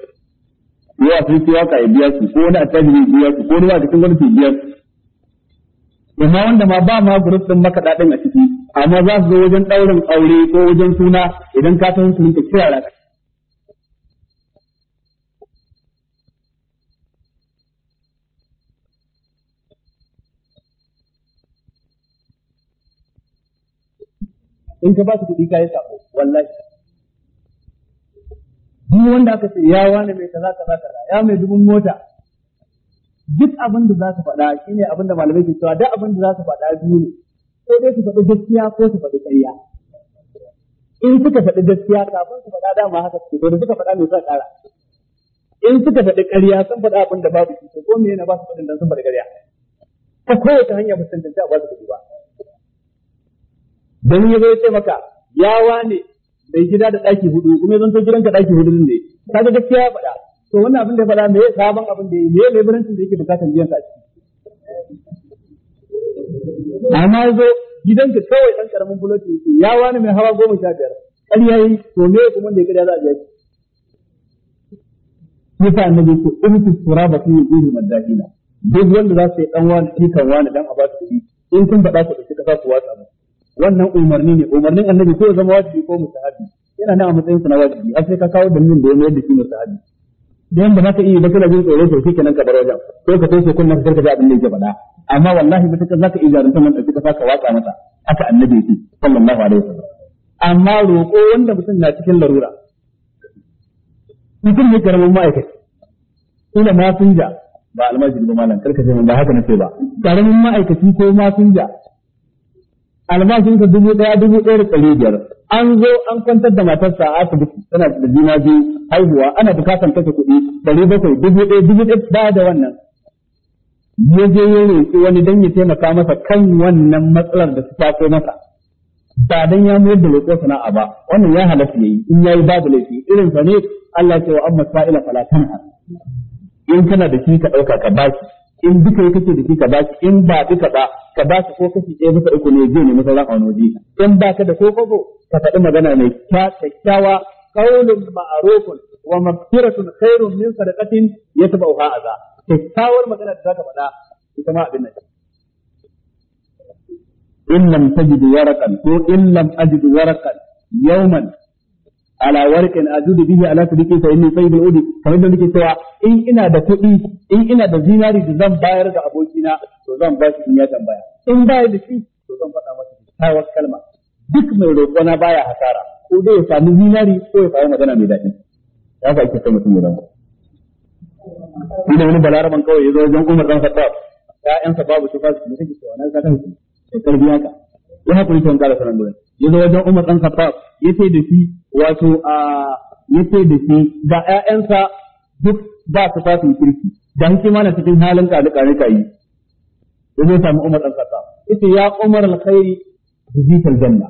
yawa sun fi waka ya biya su ko wani a attajiri ya biya su ko wani waka cikin gwamnati ya biya su amma wanda ma ba ma gurub din maka daɗin a ciki amma za su zo wajen ɗaurin aure ko wajen suna idan ka ta hankalin ka kirara ka in ka ba su kuɗi kayan sako wallahi duk wanda aka ce ya wani mai kaza kaza kaza ya mai dubun mota duk abin da za su faɗa shine abin da malamai ke cewa duk abin da za su faɗa biyu ne ko dai su faɗi gaskiya ko su faɗi ƙarya in suka faɗi gaskiya kafin su faɗa dama haka suke to da suka faɗa me suka ƙara in suka faɗi ƙarya sun faɗa abin da babu shi to ko me yana ba su faɗin dan sun faɗi ƙarya ta kowace hanya ba su tantance a ba su kuɗi ba dan ya zo ce maka ya wane mai gida da ɗaki hudu kuma ya zanto gidanka ɗaki hudu ne kaga gaskiya ya faɗa to wannan abin da ya faɗa me ya sabon abin da ya me ne da yake bukatan biyan sa amma zo gidanka kawai ɗan karamin buloti yake ya wane mai hawa goma sha biyar kar yi to me kuma da ya ƙarya za a biya shi yasa annabi ce umtu turaba fi yuhi madadina duk wanda za su yi dan wani tikan wani dan a ba su kuɗi in kun faɗa ku da kika za ku watsa musu wannan umarni ne umarnin annabi ko zama wajibi ko mustahabi yana nan a matsayin sa na wajibi har sai ka kawo dalilin da ya mayar da shi mustahabi dan ba za ka iya ba kana jin tsoro to nan ka bar wajen ko ka tace kunna ka da abin da yake bada amma wallahi ba ka zaka iya jarunta man dauki ka saka waka mata haka annabi yake sallallahu alaihi wasallam amma roƙo wanda mutum na cikin larura mutum ne karamin ma'aikaci ina masinja ba almajiri ba malam karkace ba haka na ba karamin ma'aikaci ko masinja almashin ka dubu ɗaya dubu ɗaya da ɗari biyar an zo an kwantar da matarsa a asibiti tana da juna biyu haihuwa ana bukatan kashe kuɗi ɗari bakwai dubu ɗaya dubu ɗaya ba da wannan ya je ya roƙi wani dan ya taimaka masa kan wannan matsalar da ta taso masa ba dan ya mayar da roƙo sana'a ba wannan ya halatta yayi in yayi babu laifi irin sa ne Allah ya ce wa amma sa'ila fala in kana da shi ka ɗauka ka baki in duka ya kace da shi ka ba shi in ba duka ba ka ba shi ko kashi ɗaya bisa uku ne zai nemi sauran a wani in ba ka da ko kobo ka faɗi magana mai kyakkyawa qaulun ma'rufun wa maghfiratun khairun min sadaqatin yatba'uha adha kyakkyawar magana da zaka faɗa ita ma abin nan in lam tajid ko in lam ajid waraqan yawman ala warqin ajudu bihi ala sadiqi fa inni sayyidul udi kamar da nake cewa in ina da kuɗi in ina da zinari da zan bayar da abokina to zan ba shi ya tambaya in baya da shi to zan faɗa masa kyakkyawar kalma duk mai roƙo na baya hasara ko dai ya samu zinari ko ya samu magana mai daɗi ya fa ake son mutum ya zama shi wani balaraban kawai ya wajen Umar dan Khattab ƴaƴansa babu su fasu ne kake cewa na ka tafi wajen Umar ce da wato a yace da shi ga ƴaƴansa duk ba su fasin kirki dan shi mana cikin halin kalika ka yi yazo samu Umar dan Khattab yace ya Umar al-khairi bizikal janna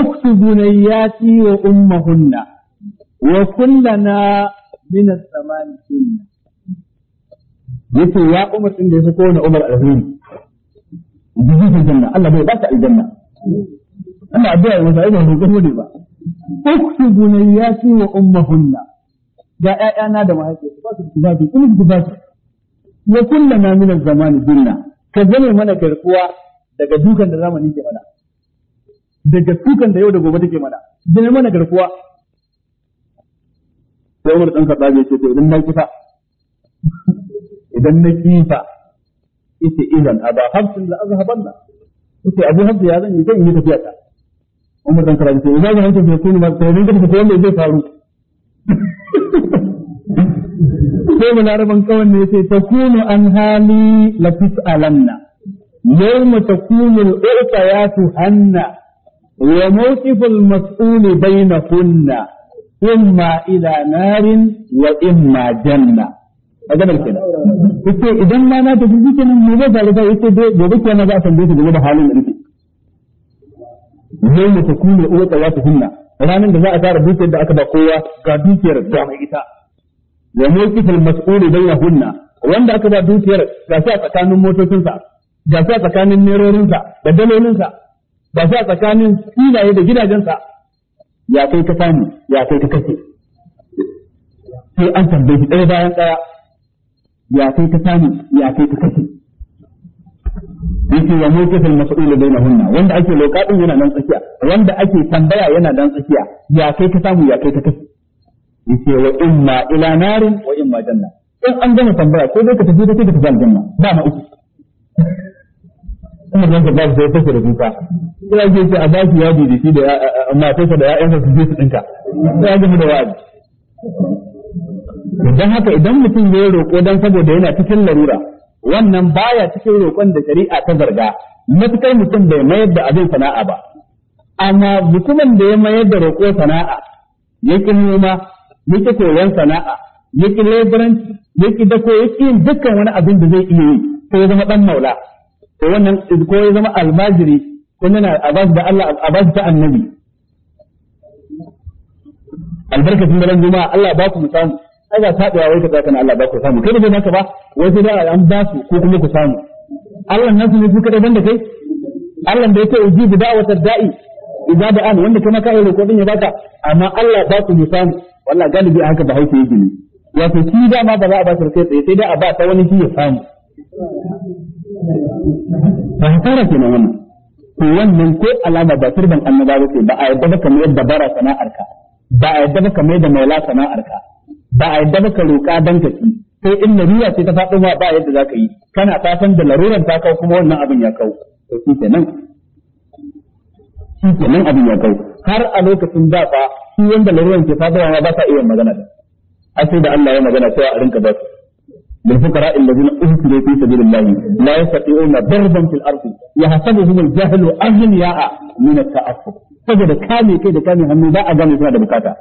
uktu bunayati wa ummahunna wa kullana min as-samani sunna yace ya Umar din da yafi na Umar alheri bizikal janna Allah bai ba ta aljanna Allah addu'a masa ai da roƙo ne ba ya bunayyati wa ummahunna ga ƴaƴana da mahaifiyarsu ba su da tufafi in su tufafi ya kulla na zamanin zamani dunna ka zame mana garkuwa daga dukan da zamani ke mana daga dukan da yau da gobe take mana zame mana garkuwa sai Umar dan Khattab ya ce idan na kifa idan na kifa ita idan aba habsin la azhabanna ita abu habs ya zan yi zan yi tafiya ta Umar dan Karabi sai zai hanta sai kuma sai rinka da kowa ne zai faru sai mu laraban kawan ne sai takunu an hali la tusalanna yawma takunu al-uqayatu hanna wa mawqifu al-mas'ul bainahunna imma ila narin wa imma janna a kenan yace idan ma na tafi kenan me zai faru sai yace gobe kenan za a tambaye su da halin da nake yawma takunu uwa ya tuhunna ranan da za a fara dukiyar da aka ba kowa ga dukiyar da mai ita wa mawqifal mas'ul bainahunna wanda aka ba dukiyar ga sai a tsakanin motocinsa ga sai a tsakanin nerorinsa da dalolinsa ga sai a tsakanin filaye da gidajensa ya kai ka samu ya kai ka kashe sai an tambaye shi ɗaya bayan ɗaya ya kai ka samu ya kai ka kashe yake wa mawqifil mas'ul bainahunna wanda ake loka yana nan tsakiya wanda ake tambaya yana nan tsakiya ya kai ka samu ya kai ka tafi yake wa imma ila narin wa imma janna in an gama tambaya ko dai ka tafi da kai ka tafi aljanna ba na uku kuma dan ka ba sai take da duka ina ce ce a ba shi yaji da shi da matarsa da ƴaƴansa su je su dinka sai ya gama da wa'azi dan haka idan mutum ya roƙo dan saboda yana cikin larura wannan baya cikin roƙon da shari'a ta zarga matukar mutum bai mayar da abin sana'a ba amma mutumin da ya mayar da roƙo sana'a ya ki noma ya ki koyon sana'a ya ki leburanci ya ki dako ya ki yin dukkan wani abin da zai iya yi ko ya zama dan maula ko wannan ko ya zama almajiri ko yana abas da Allah abas da annabi albarkatun daren juma'a Allah ba ku mu samu ai ba tabewa wai ka kana Allah ba ku samu kai da kai ba wai sai da an ba su ko kuma ku samu Allah nasu ne su kada banda kai Allah da yake ujibu da'watar da'i idza da'an wanda kuma ka yi ko din ya baka amma Allah ba ku ne samu wallahi galibi haka ba haife yake ne wato shi da ma ba za a ba su kai tsaye sai da a ba ta wani shi ya samu ba hasara kenan wannan to wannan ko alama ba turban annaba ba ba a yadda ba kamar yadda bara sana'arka ba a yadda ba kamar yadda maula sana'arka ba a yadda baka roƙa dan ka ci sai in larura ce ta faɗin wa ba yadda za ka yi kana fatan da laruran ta kawo kuma wannan abin ya kawo to shi kenan shi kenan abin ya kawo har a lokacin da fa shi wanda laruran ke ma ba sa iya magana da ai sai da Allah ya magana cewa a rinka ba su للفقراء الذين أهتدوا في سبيل الله لا يستطيعون ضربا في الأرض يحسبهم الجهل أغنياء من التعفف saboda kame kai da kame hannu ba a gane suna da bukata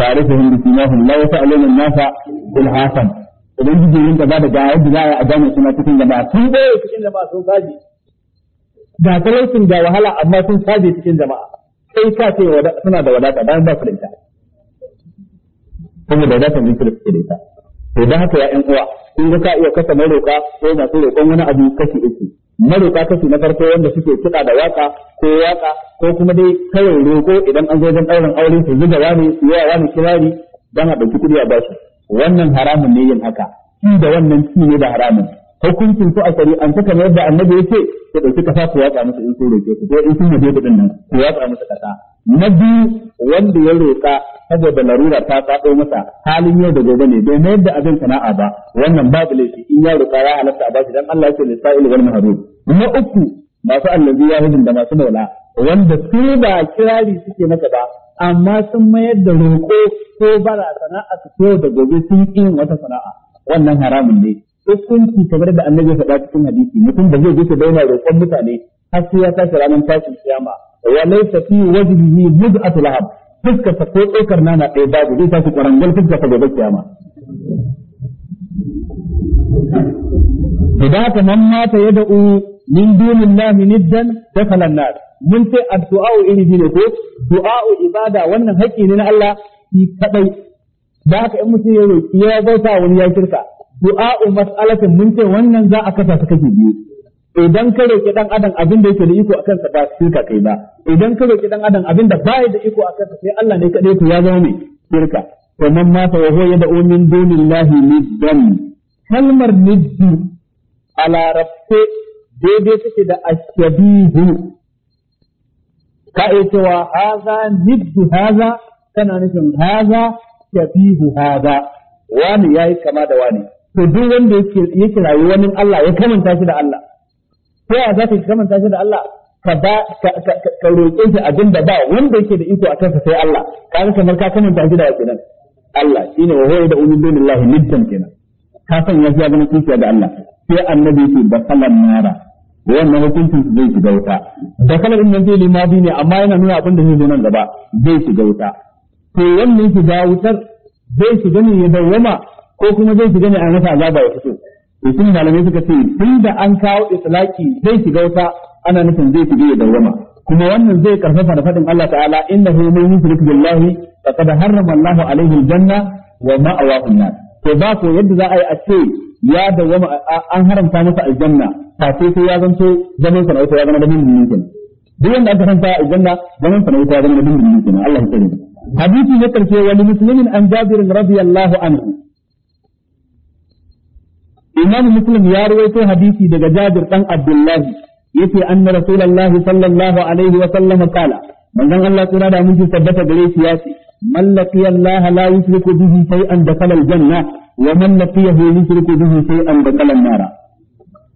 ta'rifuhum bi simahum la yas'aluna an-nasa ilhafan idan jijirin da ba da ga yadda za a gane suna cikin jama'a sun boye cikin da jama'a sun saje ga talaucin ga wahala amma sun saje cikin jama'a sai ka ce suna da wadata bayan ba su da ita saboda wadatar ne su da suke da ita to da haka ya ƴan uwa in ga ka iya kasa mai roƙa ko masu roƙon wani abu kashi uku maroƙa kashi na farko wanda suke kiɗa da waƙa ko waƙa ko kuma dai kawai roƙo idan an zo wajen ɗaurin aure su zuga wani yawa wani kirari don a ɗauki kuɗi a basu wannan haramun ne yin haka shi da wannan ci ne da haramun hukuncin su a ta kamar yadda annabi ya ce da dauki kasa kuwa ka musu in so roƙe ko in sun yaje kudin nan ya ka musu kasa na biyu wanda ya roƙa saboda larura ta faɗo masa halin yau da gobe ne bai mayar da abin sana'a ba wannan babu laifi in ya roƙa ya halatta a bashi dan Allah ya ce sa'il wal mahrum na uku masu allazi yahudin da masu maula wanda su ba kirari suke maka ba amma sun mayar da roƙo ko bara sana'a su da gobe sun yi wata sana'a wannan haramun ne hukunci kamar da annabi faɗa cikin hadisi mutum ba zai gusa bayyana roƙon mutane har sai ya tashi ranar tashin kiyama wa laysa fi wajhihi mud'atu lahab fuskar ta ko tsokar nana ɗaya babu zai tashi kwarangal fuskar ta gobe kiyama idan haka man mata ya da'u min dunillahi niddan dakhala an-nar mun sai addu'a iri ne ko du'a ibada wannan haƙƙi ne na Allah shi kadai da haka in mutum ya roƙi ya bauta wani ya kirka du'a'u mas'alatin mun ce wannan za a kasa ta kake biyu idan ka roki dan adam abin da yake da iko akan sa ba shirka kai ba idan ka roki dan adam abin da ba da iko akan sa sai Allah ne kadai ku ya zama mai shirka to man mata wa huwa yad'u min dunillahi niddan kalmar niddu a larabce daidai take da ashabihu ka iya cewa haza niddu haza tana nufin haza shabihu haza wani yayi kama da wani to duk wanda ya kirayi wani Allah ya kamanta shi da Allah ko ya za ka kamanta shi da Allah ka ba ka roƙe shi abin da ba wanda yake da iko a kansa sai Allah Ka ga kamar ka kamanta shi da kenan Allah shine wa huwa da ulul lillahi niddan kenan ka san ya ji abin kuciya da Allah sai annabi yake da kalan nara wannan hukuncin zai shiga wuta da kalan nan zai limadi ne amma yana nuna abin da zai zo nan gaba zai shiga wuta to wannan shiga wutar zai shiga ne ya dawwama ko kuma zai shiga ne a rasa azaba ya fito to sun malamai suka ce tun da an kawo islaki zai shiga wuta ana nufin zai shiga ya dawwama kuma wannan zai karfafa da fadin Allah ta'ala innahu man yushrik billahi faqad harrama Allahu alaihi aljanna wa ma'awahu an-nar to ba ko yadda za a yi a ce ya dawwama an haramta masa aljanna ta sai sai ya zanto zaman sa ya zama da dindindin kenan duk wanda aka haramta aljanna zaman sa ya zama da dindindin kenan Allah ya tsare hadisi ya karshe wani muslimin an jabir radiyallahu anhu imam muslim ya rawaito hadisi daga jabir dan abdullahi yace anna rasulullahi sallallahu alaihi wa sallam qala manzon Allah tsira da mun tabbata gare shi ya ce man laqiya Allah la yushriku bihi shay'an dakhala al-janna wa man laqiyahu yushriku bihi shay'an dakhala an-nar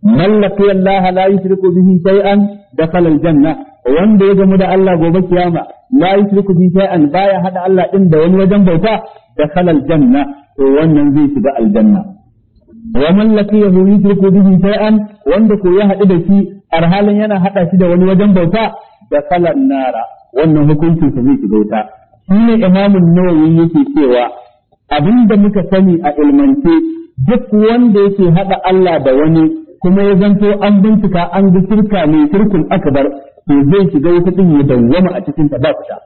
man laqiya Allah la yushriku bihi janna wanda ya gamu da Allah gobe kiyama la yushriku bihi shay'an baya hada Allah din da wani wajen bauta da al-janna to wannan zai shiga aljanna wa man laqiyahu yushriku bihi shay'an wanda ko ya hadu da shi arhalin yana hada shi da wani wajen bauta da kalan nara wannan hukuncin sa zai shiga wuta shine imamun nawawi yake cewa abinda muka sani a ilmance duk wanda yake hada Allah da wani kuma ya zanto an bincika an ga shirka mai shirkul akbar to zai shiga wata din ya dawwama a cikin ta ba fita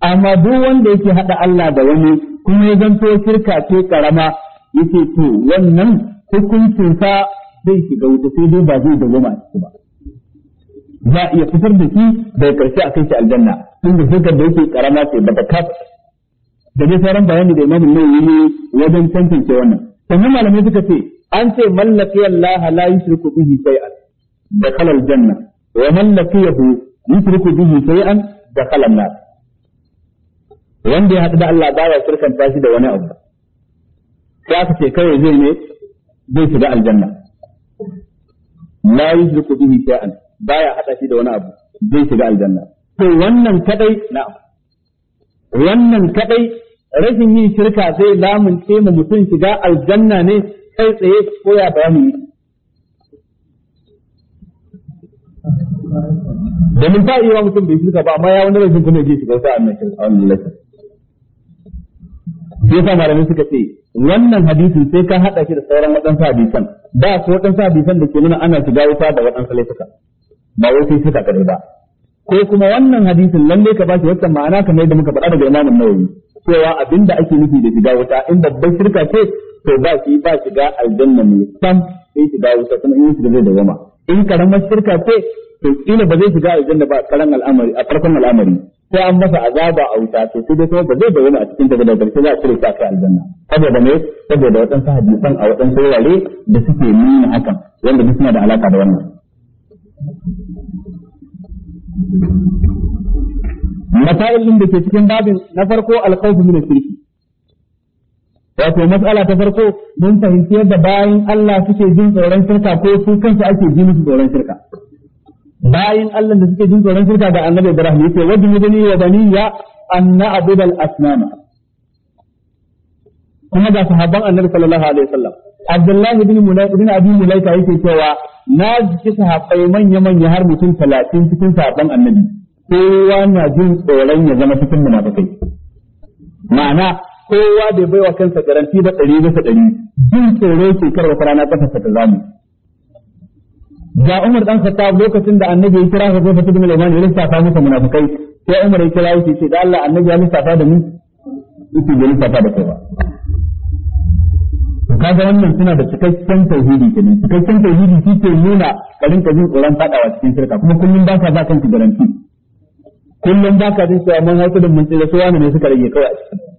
amma duk wanda yake hada Allah da wani kuma ya zanto shirka ce karama yace to wannan hukuncin sa zai shiga wuta sai dai ba zai dawoma a ciki ba za a iya fitar da shi daga karshe a kai shi aljanna din da shirkar da yake karama ce ba ta kafa da dai sauran bayani da imamu nawawi ne wajen tantance wannan sannan malamai suka ce an ce mallaki Allah la yushriku bihi shay'an dakhala janna, wa mallakiyahu yushriku bihi shay'an dakhala an-nar wanda ya haɗu da Allah baya shirkanta shi da wani abu Ya aka ce kawai zai ne zai shiga aljanna la yushriku bihi shay'an baya hada shi da wani abu zai shiga aljanna to wannan kadai na'am wannan kadai rashin yin shirka zai lamunce mu mutum shiga aljanna ne kai tsaye ko ya bayani domin ta iya mutum bai shirka ba amma ya wani rashin kuma ya shiga sa'an nan shirka a wannan lafiya sai sa malamin suka ce wannan hadisi sai ka hada shi da sauran waɗansu hadisan Ba ko waɗansu hadisan da ke nuna ana shiga wuta da waɗansu laifuka ba wai sai suka kare ba ko kuma wannan hadisin lalle ka ba shi wata ma'ana kamar yadda muka faɗa daga Imam Nawawi cewa abinda ake nufi da shiga wuta in babbar shirka ce to ba shi ba shiga aljanna ne sam sai shiga wuta kuma in shiga zai goma in karamar shirka ce to kila ba zai shiga aljanna ba karan al'amari a farkon al'amari sai an masa azaba a wuta to sai dai kuma ba zai bayyana a cikin daga daga za a cire shi a kai aljanna saboda me saboda waɗansu hadisan a waɗansu wurare da suke nuna hakan wanda duk suna da alaka da wannan ɗin da ke cikin babin na farko alkawfi min shirki wato mas'ala ta farko mun fahimci yadda bayan Allah suke jin tsoron shirka ko su kansu ake jin musu tsoron shirka bayan Allah da suke jin tsoron shirka ga annabi Ibrahim yake wajen yadani wa baniya an na'bud al asnam kuma ga sahabban annabi sallallahu alaihi wasallam Abdullahi bin Mulaika bin Abi Mulaika yake cewa na ji sahabbai manya manya har mutum 30 cikin sahabban annabi kowa na jin tsoron ya zama cikin munafikai ma'ana kowa bai baiwa kansa garanti da ɗari bisa ɗari jin tsoro ke karwa rana kasa ta zamu ga Umar dan Khattab lokacin da Annabi ya kira Hudayfa ibn al-Yaman ya lissafa masa munafikai sai Umar ya kira shi ce da Allah Annabi ya lissafa da mu yake da lissafa da kai ba kaga wannan suna da cikakken tauhidi kenan cikakken tauhidi shi ke nuna karin ka jin tsoron fadawa cikin shirka kuma kullum ba ka ba kanki garanti kullum ba ka jin cewa mun haƙu da mun tsira suwa ne suka rage kawai a cikin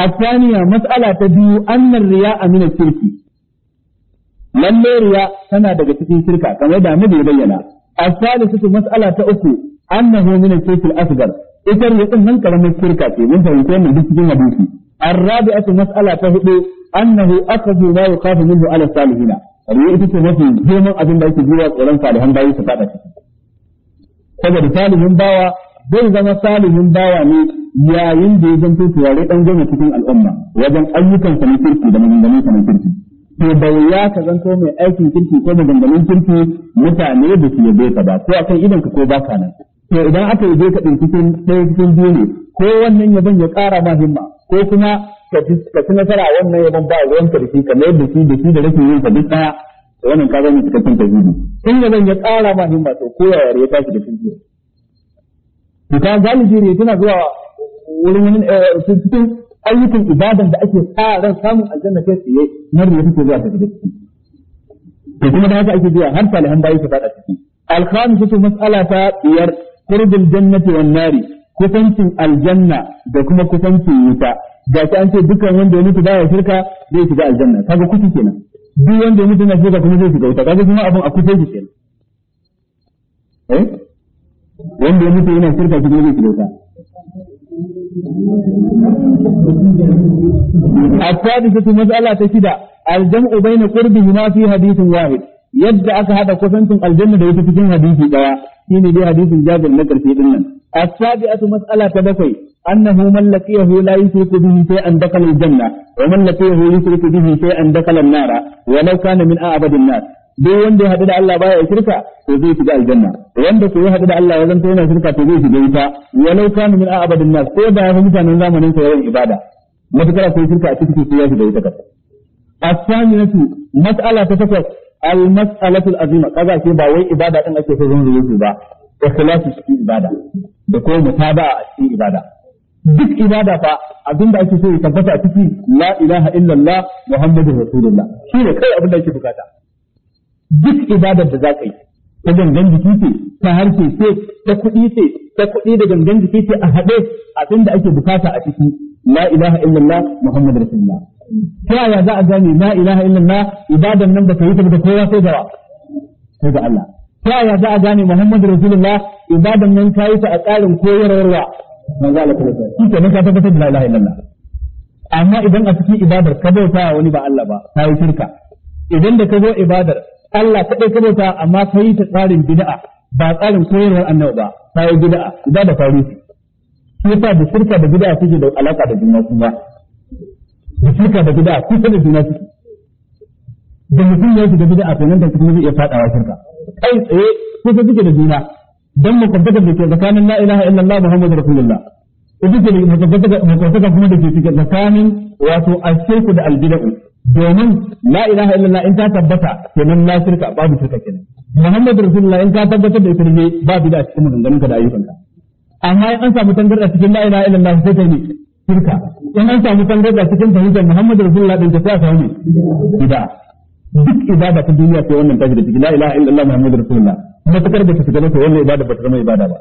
الثانية مسألة تبيو أن الرياء من الشرك lalle riya tana daga cikin shirka kamar da annabi ya bayyana as-salisatu mas'ala ta uku annahu min al-shirk al-asghar ita riya din nan karamin shirka ce mun fahimta wannan duk cikin hadisi ar-rabi'atu mas'ala ta hudu annahu akhadhu ma yuqafu minhu ala salihina riya ita ce mafi girman abin da ake jira tsoron salihan bayi su fada ciki saboda salihin bawa zai zama salihin bawa ne yayin da ya zanto turare dan goma cikin al'umma wajen ayyukan na kirki da maganganunsa na kirki to da wuya ka zanto mai aikin kirki ko maganganun kirki mutane da su yabe ka ba ko akan idan ka ko ba ka nan to idan aka yabe ka din cikin ɗaya cikin biyu ne ko wannan yaban ya ƙara ma himma ko kuma ka ci nasara wannan yaban ba ruwan kirki ka mayar da shi da shi da rashin yin ka duk ɗaya to wannan ka zama cikakken tauhidi in yaban ya ƙara ma himma to ko yaya ya tashi da cikin to ka galibi ne tana zuwa wurin wani eh, cikin ayyukan ibadan da ake sa ran samun aljanna kai tsaye na da take zuwa daga ciki to kuma da haka ake zuwa har salihan bayi su fada ciki al-khamisatu mas'ala ta biyar qurbul jannati wan nari kusancin aljanna da kuma kusancin wuta ga ta an ce dukkan wanda ya mutu baya shirka zai shiga aljanna kaga kuci kenan duk wanda ya mutu na shirka kuma zai shiga wuta kaga kuma abin a kusa shi kenan eh wanda ya mutu yana shirka kuma zai shiga wuta السادسة مسألة تشدة الجمع بين قربهما في حديث واحد yadda aka hada kusancin aljanna da wata cikin hadisi daya shine dai hadisin Jabir na karshe din nan as-sabi'atu mas'ala ta bakwai annahu man laqiyahu la yushriku bihi shay'an dakhala al-janna wa man laqiyahu yushriku bihi shay'an dakhala an-nara wa law min a an-nar duk wanda ya haɗu da Allah baya shirka to zai shiga aljanna wanda ko ya haɗu da Allah ya zanto na shirka to zai shiga wuta walau kana min abadin nas ko da yafi mutanen zamanin sa yawan ibada matakar akwai shirka a cikin sai ya shiga wuta na asaminatu mas'ala ta takwas al-mas'alatu al-azima kaga ce ba wai ibada din ake so zan yi ba ikhlasu cikin ibada da ko mutaba'a a cikin ibada duk ibada fa abinda ake so ya tabbata a ciki la ilaha illallah muhammadur rasulullah shine kai abinda ake bukata duk ibadar da za ka yi ta gangan jiki ce ta harshe ce ta kuɗi ce ta kuɗi da gangan jiki ce a haɗe abin da ake bukata a ciki la ilaha illallah muhammad rasulullah ta yaya za a gane la ilaha illallah ibadan nan ba ka yi ta ba kowa sai da sai da Allah ta yaya za a gane muhammad rasulullah ibadan nan ka yi ta a ƙarin koyarwa manzo Allah ta shi ta nan ka tabbatar da la ilaha illallah amma idan a cikin ibadar ka bauta wani ba Allah ba ta yi shirka idan da ka zo ibadar Allah kaɗai ka bauta amma ka yi ta tsarin bid'a ba tsarin koyarwar annabi ba ta yi bid'a ibada ta rufe shi yasa da shirka da bid'a suke da alaka da juna kuma da shirka da bid'a kusa da juna su. da mutum ya shiga bid'a to nan da kuma zai iya fadawa shirka kai tsaye kusa suke da juna dan mukaddaka da ke tsakanin la ilaha illallah muhammadur rasulullah ita ce da kuma da ke tsakanin wato ashirku da al albida'u domin la ilaha illallah in ta tabbata kenan na shirka babu shirka kenan muhammadur rasulullah in ta tabbatar da ita ne ba bid'a cikin maganganunka da ayyukanka amma in an samu tangarda cikin la ilaha illallah sai ta ne shirka in an samu tangarda cikin fahimtar muhammadur rasulullah din ta samu ne bid'a duk ibada ta duniya sai wannan tashi da ciki la ilaha illallah muhammadur rasulullah matakar da ta shiga ta wannan ibada ba ta zama ibada ba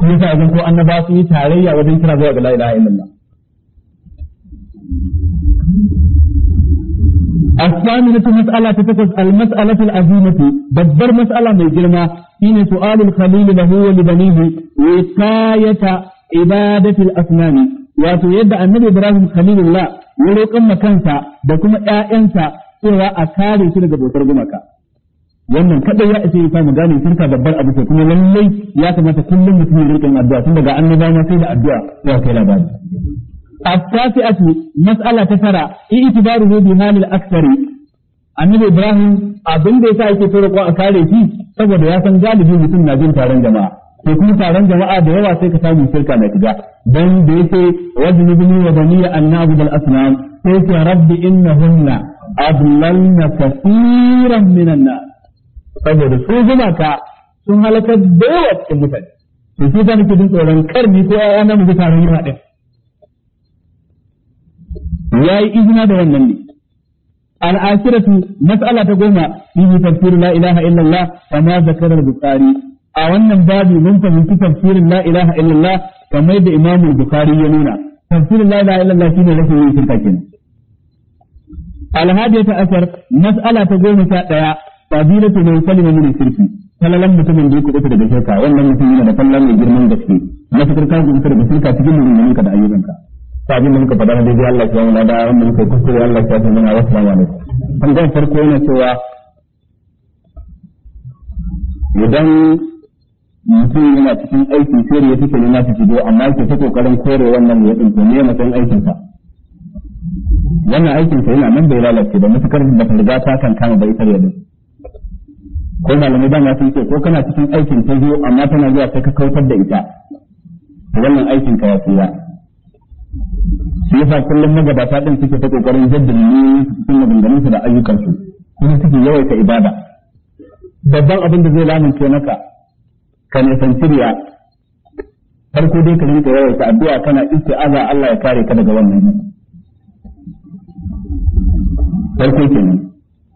sai yasa idan ko annaba su yi tarayya wajen kira zuwa ga la ilaha illallah الثامنة مسألة تتكس المسألة العظيمة بدر مسألة من جرمة حين سؤال الخليل له ولبنيه وقاية عبادة الأصنام wato yadda annabi Ibrahim Khalilullah ya roƙon makansa da kuma ƴaƴansa cewa a kare su daga bautar gumaka wannan kadai ya isa ya samu gane shirka babbar abu ce kuma lallai ya kamata kullum mutum ya riƙa addu'a tun daga annabawa sai da addu'a ya kai labari ta التاسعة مسألة تسرى اعتباره بمال الأكثر annabi ibrahim abin da yasa yake ta roƙo a kare shi saboda ya san galibi mutum na jin taron jama'a to kuma taron jama'a da yawa sai ka samu shirka na shiga dan da yake wajnubni wa baniya an na'budu al asnam sai ce rabbi innahunna adlalna kaseeran minan nas saboda su gumaka sun halakar da yawa cikin mutane to sai da nake jin tsoron karni ko ayana mu taron jama'a din ya yi izina da wannan ne al'ashiratu mas'ala ta goma fi tafsir la ilaha illallah kama zakara al-bukhari a wannan babu mun fahimci tafsirin la ilaha illallah kamar da imamu bukhari ya nuna tafsirin la ilaha illallah shine rashin yin shirka kenan alhadiyata asar mas'ala ta goma sha daya fadilatu man salima min shirki falalan mutumin da ya kuɗe daga shirka wannan mutumin yana da falalan mai girman gaske matakar ka kuɗe daga shirka cikin mulmin ka da ayyukanka sabin mulka fada da na daidai Allah ya mu da wanda muka kuskure Allah ya yi muna wasu lamu alaikum an ga farko yana cewa idan mutum yana cikin aikin fere ya fi ne na fito amma ke ta kokarin kore wannan ya dinko ne matsayin aikin sa wannan aikinsa yana nan bai lalace ba mutukar da ta riga ta kan kama bai tare da ko malamai na sun ce ko kana cikin aikin ta zo amma tana zuwa sai ka kautar da ita wannan aikin ka ya tsira yasa kullum magabata din suke ta kokarin jaddada ne cikin maganganun su da ayyukan su kuma suke yawaita ibada babban abin da zai lamunce maka ka nisanci riya farko dai ka rinka yawaita addu'a kana isti'aza Allah ya kare ka daga wannan farko kenan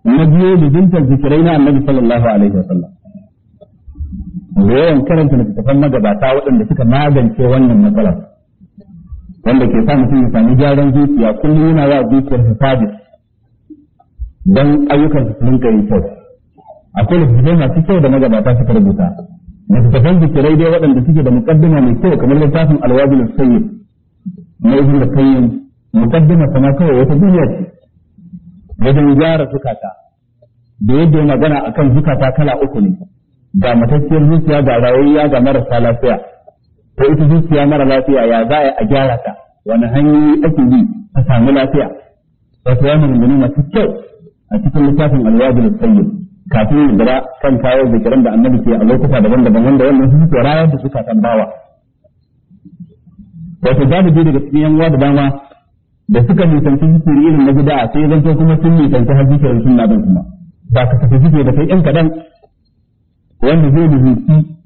na biyo da bijintar zikirai na annabi sallallahu alaihi wasallam da yawan karanta littattafan magabata waɗanda suka magance wannan matsalar wanda ke sa mutum ya sami gyaran zuciya kullum yana wa zuciyar hifadis don ayyukan su rinka yi kyau akwai littattafai masu kyau da magabata suka rubuta littattafan zikirai dai waɗanda suke da muƙaddima mai kyau kamar littafin alwajin sayyid na ibn da qayyim muqaddima kawai wata duniya ce wajen gyara zukata da yadda ya magana akan zukata kala uku ne ga matakkiyar zuciya ga rayayya ga marasa lafiya ko ita zuciya mara lafiya ya za a gyara ta wani hanyoyi ake yi a sami lafiya su yamma maganganu masu kyau a cikin littafin alwajin tsayyib kafin ya gara kan kawo zikiran da annabi ke a lokuta daban-daban wanda wannan su suke rayar da suka kan bawa wato za mu je daga cikin yan da dama da suka nisanci zikiri irin na gida sai zanto kuma sun nisanci har zikirin sunna din kuma ba ka tafi zikiri da kai yan kaɗan wanda zai nisanci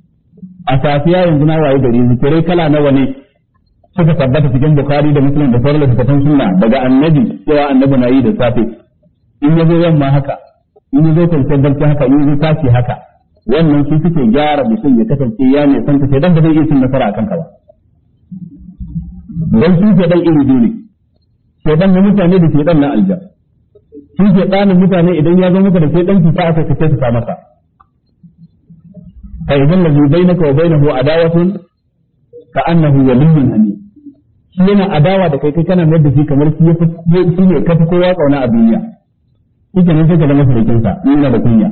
a safiya yanzu na waye gari zikirai kala nawa ne suka tabbata cikin bukhari da muslim da sauran littattafan sunna daga annabi cewa annabi na yi da safe in ya zo yamma haka in ya zo kwanciyar barci haka in ya zo tashi haka wannan su suke gyara mutum ya kasance ya ne san ta dan ba zai iya cin nasara a ka ba dan su ke dan iri dole ke dan na mutane da ke dan na aljanna shi ke ɗanin mutane idan ya zo maka da ke dan cuta aka kace ta masa fa idan ladhi bainaka wa bainahu adawatun ka annahu waliyyun hamid shi yana adawa da kai kai kana mai da kamar shi shi ne kafi kowa kauna a duniya kike nan sai ka zama ina da kunya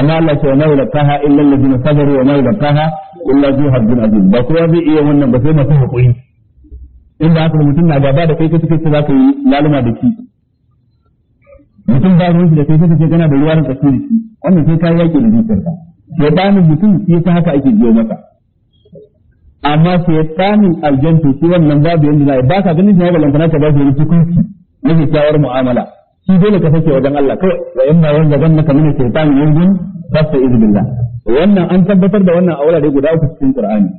amma Allah ce wa ma yulqaha illa alladhina sabaru wa ma yulqaha illa zu hazzin azim ba kowa zai iya wannan ba sai masu hakuri inda haka mutum na gaba da kai yi laluma da mutum ba ruwan da kai da ruwan da shi wannan sai ka yake da zuciyarka shaytanin mutum shi ta haka ake biyo masa amma shaytanin aljanto shi wannan babu yanzu na ba ka ganin shi ba lantana ta ba shi hukunci na kyakkyawar mu'amala shi dole ka sake wajen Allah kai wa ma wanda ganna ka ya shaytanin yanzu izu izbillah wannan an tabbatar da wannan a wurare guda uku cikin Qur'ani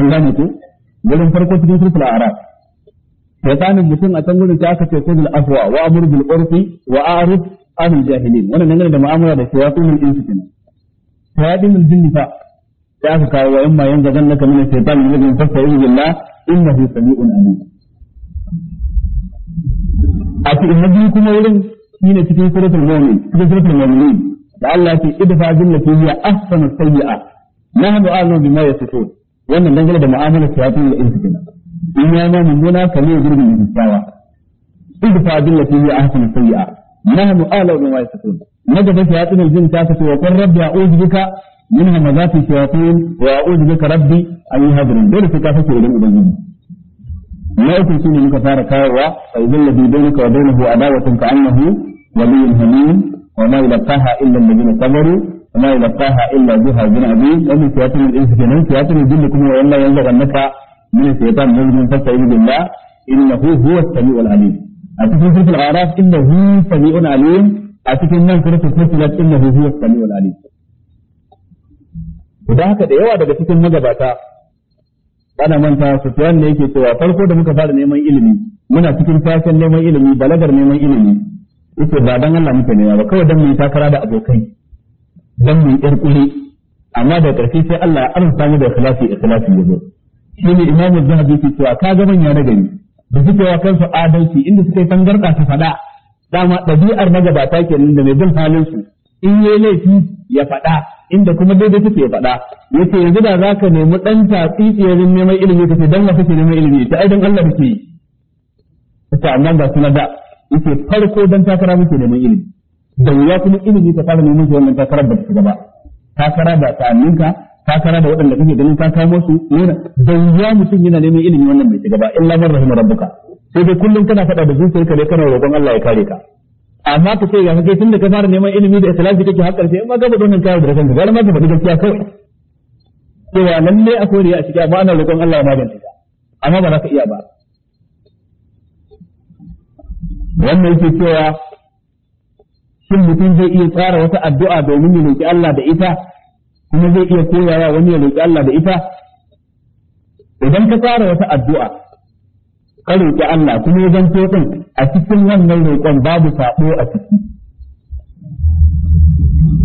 an gane ko gurin farko cikin suratul a'raf shaytanin mutum a can gudun ta aka ce bil afwa wa amur bil urfi wa a'rif ahli jahilin wannan dangane da mu'amala da kuma din su kenan shayatin jinni fa ya aka kawo wa imma yanga zannaka min shaytan min yi billah innahu sami'un alim a cikin nabi kuma wurin shine cikin suratul mu'min cikin suratul mu'min da Allah ke idfa jannati hiya ahsanu sayyi'a nahnu a'lamu bima yasifun wannan dangane da mu'amala shayatin din su kenan in ya ma mummuna kamar gurbin da kyakkyawa idfa jannati hiya ahsanu sayyi'a نحن أعلم بما يتقون نجد شياطين الجن تاسس وقل ربي أعوذ بك من همزات الشياطين وأعوذ بك ربي أن يهدرون دول في تاسس إلى أبنجي ما يكون سنة لك فارك هو فإذا الذي بينك وبينه عداوة كأنه ولي هميم وما يلقاها إلا الذين صبروا وما يلقاها إلا جهة بن عبيد ومن شياطين الإنس كمان شياطين الجن كم وإلا أنك من الشيطان نزغ فاستعيذ بالله إنه هو السميع العليم a cikin suratul araf innahu sami'un alim a cikin nan suratul fusilat innahu huwas sami'ul alim da haka da yawa daga cikin magabata ana manta su tuwan ne yake cewa farko da muka fara neman ilimi muna cikin fashin neman ilimi balagar neman ilimi yake ba dan Allah muke nema ba kawai dan mu takara da abokai dan mu yar amma da ƙarshe sai Allah ya amsa mu da ikhlasi ikhlasi yazo shi ne imamu zahabi ke cewa ka ga manya na gari da suke wa kansu adalci inda suka yi tangarda ta faɗa dama ɗabi'ar magabata kenan da mai bin halin su in yi laifi ya faɗa inda kuma daidai take ya faɗa yace yanzu da zaka nemi dan tatsitsiyarin neman ilimi kace dan wa kake neman ilimi ta aidan Allah kake yi ta annan ba suna da yace farko dan takara muke neman ilimi da wuya kuma ilimi ta fara neman shi wannan takarar ba ta gaba takara da tsaninka takara da waɗanda kake ganin ka kawo su nuna bai ya mutum yana neman ilimi wannan bai shiga ba illa man rahimar rabbuka sai dai kullum kana faɗa da zuciyarka ne kana roƙon Allah ya kare ka amma ka ce ga kai tunda ka fara neman ilimi da ikhlasi kake har karshe Amma ma gaba donin kawo da kanka ga ma ka faɗi gaskiya kawai cewa ne akwai riya a cikin amma ana roƙon Allah ya magance ka amma ba za ka iya ba wannan yake cewa shin mutum zai iya tsara wata addu'a domin ya roƙi Allah da ita kuma zai iya koyawa wani ya roƙi Allah da ita idan ka tsara wata addu'a ka roƙi Allah kuma ya zanto din a cikin wannan roƙon babu sabo a ciki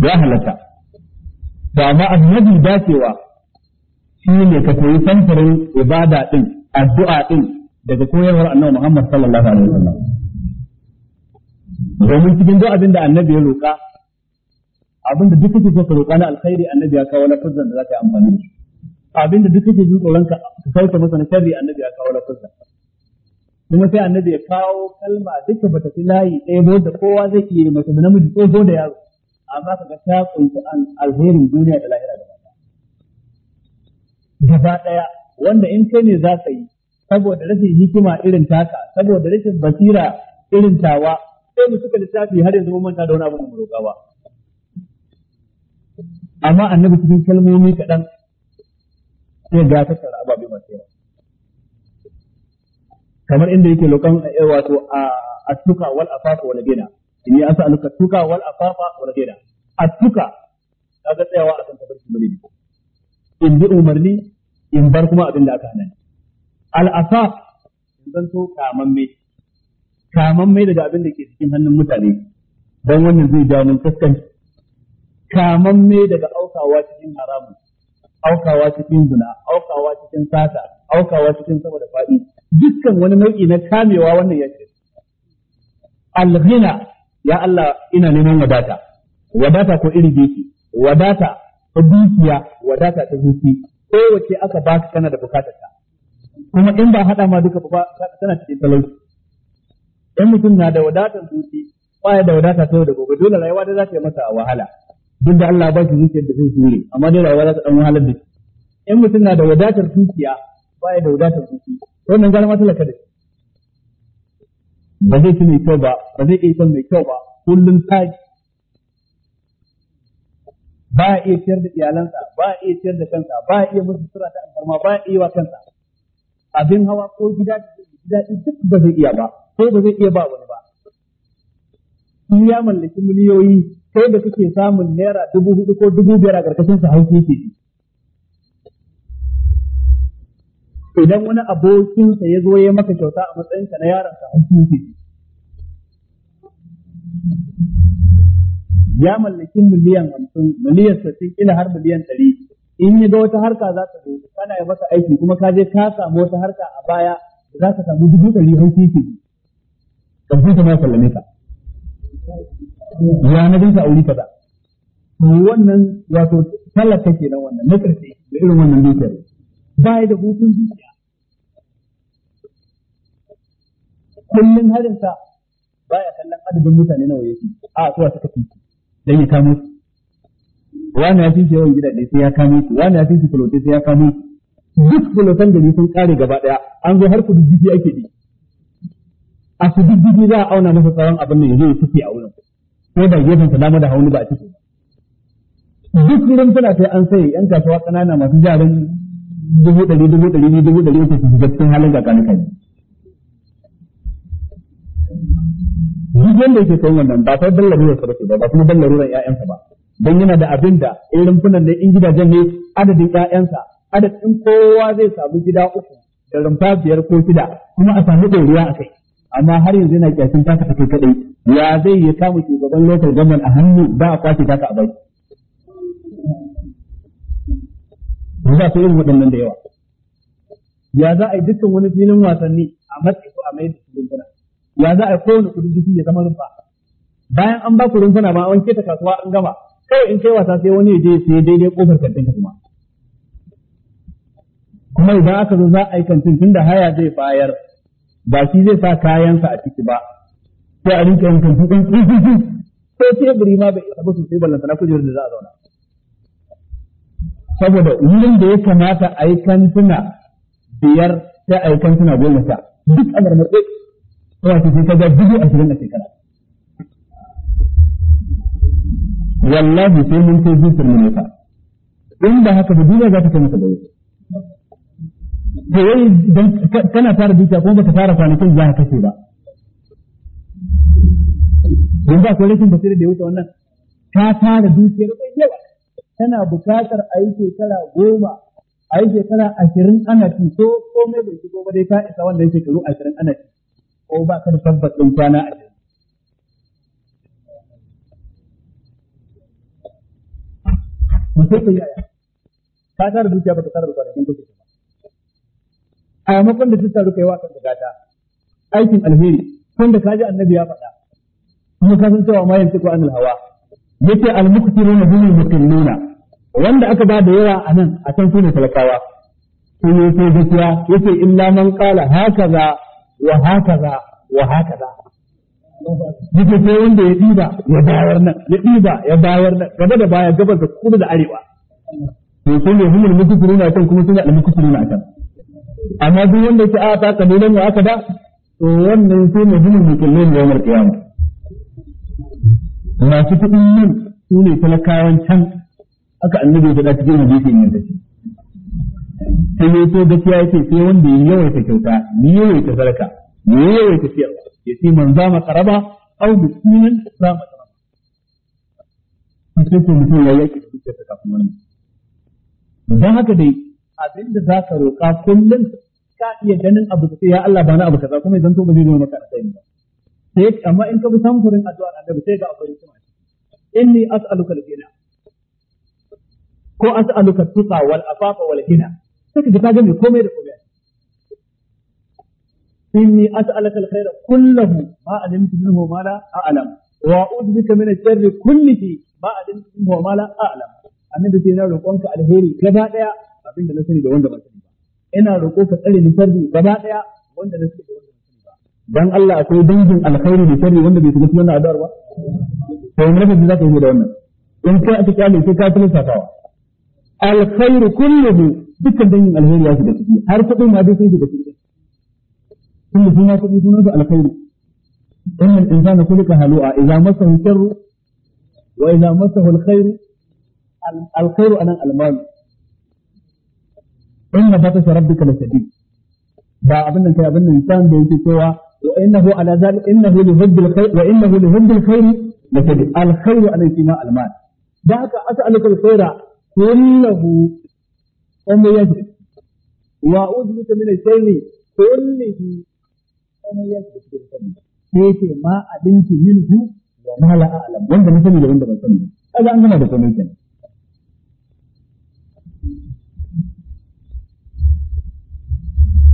ya halatta to amma annabi cewa shi ne ka koyi santarin ibada din addu'a din daga koyarwar annabi Muhammad sallallahu alaihi wasallam domin cikin duk abin da annabi ya roƙa abinda duk kake so ka roƙa na alkhairi annabi ya kawo lafazan da za ka yi amfani da shi abinda duk kake jin tsoron ka ka kauce masa na sharri annabi ya kawo lafazan kuma sai annabi ya kawo kalma duka bata fi layi ɗaya ba da kowa zai iya yi mace da namiji zo da yaro amma kaga ta kunshi alherin duniya da lahira gaba ɗaya gaba ɗaya wanda in kai ne za ka yi saboda rashin hikima irin taka saboda rashin basira irin tawa sai mu suka littafi har yanzu mun manta da wani abu mu roƙawa amma annabi cikin kalmomi kaɗan sai ga tsara ababe masu yawa kamar inda yake lokan eh, wato a atuka wal afafa wal gina in ya asa alka tuka wal afafa wal gina atuka kaga tsayawa akan tabarki mulki in bi umarni in bar kuma abin da aka hana al afaf in so kamamme kamamme daga abin da ke cikin hannun mutane dan wannan zai jawo mun kaskanci kamamme daga aukawa cikin haramun aukawa cikin zina aukawa cikin sata aukawa cikin sama da faɗi dukkan wani nau'i na kamewa wannan ya ce alghina ya Allah ina neman wadata wadata ko iri biki wadata ta dukiya wadata ta zuci kowace aka baka kana da ta. kuma in ba haɗa ma duka ba tana cikin talauci in mutum na da wadatar zuci baya da wadata ta yau da gobe dole rayuwa da za ta yi masa wahala duk da Allah ba shi zuciyar da zai jure amma dai rayuwa za ta dan wahalar da shi in mutum na da wadatar zuciya ba ya da wadatar zuciya wannan gara matsala kada ba zai ci mai kyau ba ba zai iya son mai kyau ba kullum taji ba a iya ciyar da iyalansa ba a iya ciyar da kansa ba a iya musu sura ta alfarma ba a iya wa kansa abin hawa ko gida gida duk ba zai iya ba ko ba zai iya ba wani ba in ya mallaki miliyoyi kai da kake samun naira dubu hudu ko dubu biyar a ƙarƙashin sa haifi ke idan wani abokinsa ya zo ya maka kyauta a matsayinka na yaron sa haifi ke ya mallaki miliyan hamsin miliyan sittin ila har miliyan ɗari in ya ga wata harka za ta zo kana yi masa aiki kuma ka je ka samu wata harka a baya za ka samu dubu ɗari haifi ke ka ta ma sallame ka ya na ganka a wuri kaza wannan wato talaka kenan wannan na karshe da irin wannan dukiyar ba ya da hutun zuciya kullum harin sa ba ya kallon adadin mutane nawa yake a suwa suka fi dan ya kamo su wani ya fi shi yawan gidaje sai ya kamo su wani ya fi kulote sai ya kamo su duk kulotan gari sun kare gaba daya an zo har kududdufi ake bi a kududdufi za a auna masa tsawon abin nan ya zo ya fice a wurin sai ba gefen salama da hauni ba a ciki duk tana sai an sai yan kasuwa kanana masu jarin dubu ɗari dubu ɗari ne dubu ɗari uku su shiga cikin halin ga kanuka ne duk wanda yake sayan wannan ba sai dan da sarki ba ba kuma dan larurar ƴaƴansa ba dan yana da abin da in funan ne in gidajen ne adadin ƴaƴansa adadin kowa zai samu gida uku da rumfa biyar ko shida kuma a samu ɗoriya a kai amma har yanzu yana kyashin taka ta kai kadai ya zai ya kama shugaban local government a hannu ba a kwace taka a bai za su irin waɗannan da yawa ya za a yi dukkan wani filin wasanni a matsayi ko a mai da rumfuna ya za a yi kowane kudin jiki ya zama rumfa bayan an ba ku rumfuna ba an keta kasuwa an gama kawai in kai wasa sai wani ya je sai daidai kofar kantin ka kuma kuma idan aka zo za a yi kantin tunda haya zai bayar ba shi zai sa kayansa a ciki ba sai a rinka yankan kantu ɗin ƙirƙirƙi sai buri ma bai isa ba sai ballanta na kujerar da za a zauna saboda wurin da ya kamata a yi kantuna biyar sai a yi kantuna goma sha duk a kuma su sai ka ga dubu ashirin a shekara wallahi sai mun kai zuciyar mu fa. in ba haka ba duniya za ta kai masa da wuce da yayi dan kana fara dukiya kuma baka fara kwanakin za ka kashe ba yanzu akwai rashin basira da ya wuce wannan ta fara dukiyar mai yawa tana buƙatar a yi shekara goma a yi shekara ashirin ana ci ko komai bai shigo ba dai ka isa wannan shekaru ashirin ana ci ko ba ka da tabbas ɗin kwana a Mutum ka yaya, ka tara dukiya ba ta tara da kwanakin kusurwa. a yamakon da ta taru kai wasan da gata aikin alheri wanda kaji annabi ya faɗa kuma ka san cewa ma yanzu ko anil hawa yace al muktiruna hum mukilluna wanda aka ba da yawa a nan a kan sune talakawa sun ne sai gaskiya yace illa man qala hakaza wa hakaza wa hakaza yake sai wanda ya diba ya bayar nan ya diba ya bayar nan gaba da baya gaba da kudu da arewa to sun ne humul muktiruna kan kuma sun al muktiruna kan amma duk wanda ke a ta kalilan wa aka da to wannan sai mu jini mu kulle mu yawar kiyama masu kuɗin nan su ne talakawan can aka annabi da cikin hadisi ne da sai ne to gaskiya yake sai wanda ya ta kyauta ni ta sadaka ni yawaita siyarwa ce man zama qaraba sunan miskinan zama karaba sai ko mutum ya yake cikin kafin wannan dan haka dai abin da za ka roƙa kullum ka iya ganin abu ka ya Allah ba na abu kaza kuma idan to ba zai zama maka alkhairi ba sai amma in ka bi samfurin addu'ar annabi sai ga akwai hikima inni as'aluka al-ghina ko as'aluka tuqa wal afafa wal ghina sai ka ta gani komai da komai inni as'aluka al-khaira kullahu ma alimtu minhu ma la a'lam wa a'udhu bika min ash-sharri kullihi ma alimtu minhu ma la a'lam annabi sai na roƙonka alheri gaba daya abin da na sani da wanda ban sani ba ina roƙo ka tsare ni sharri gaba daya wanda na sani da wanda ban sani ba dan Allah akwai dangin alkhairi da sharri wanda bai shiga cikin wannan addu'ar ba to mun rafa zaka yi da wannan in kai aka kyale sai ka tilasta tawa alkhairu kulluhu dukkan dangin alkhairi ya shiga ciki har kudin ma dai sai shiga ciki kullu suna kudi sunan su alkhairu innal insana kulika halu'a idza masahu sharru wa idza masahu alkhairu alkhairu anan almal In na sa rabbi kala sadi ba abin nan kai abin nan san da yake cewa wa innahu ala zalika innahu li hubbil khair wa innahu li hubbil khair lashadid al khair alayhi ma al mal da haka as'aluka al khaira kullahu umma yajid wa udhika min al sharri kullihi umma yajid sai ce ma abinci min minhu wa ma la a'lam wanda na sani da wanda ban sani ba kaga an gama da komai kenan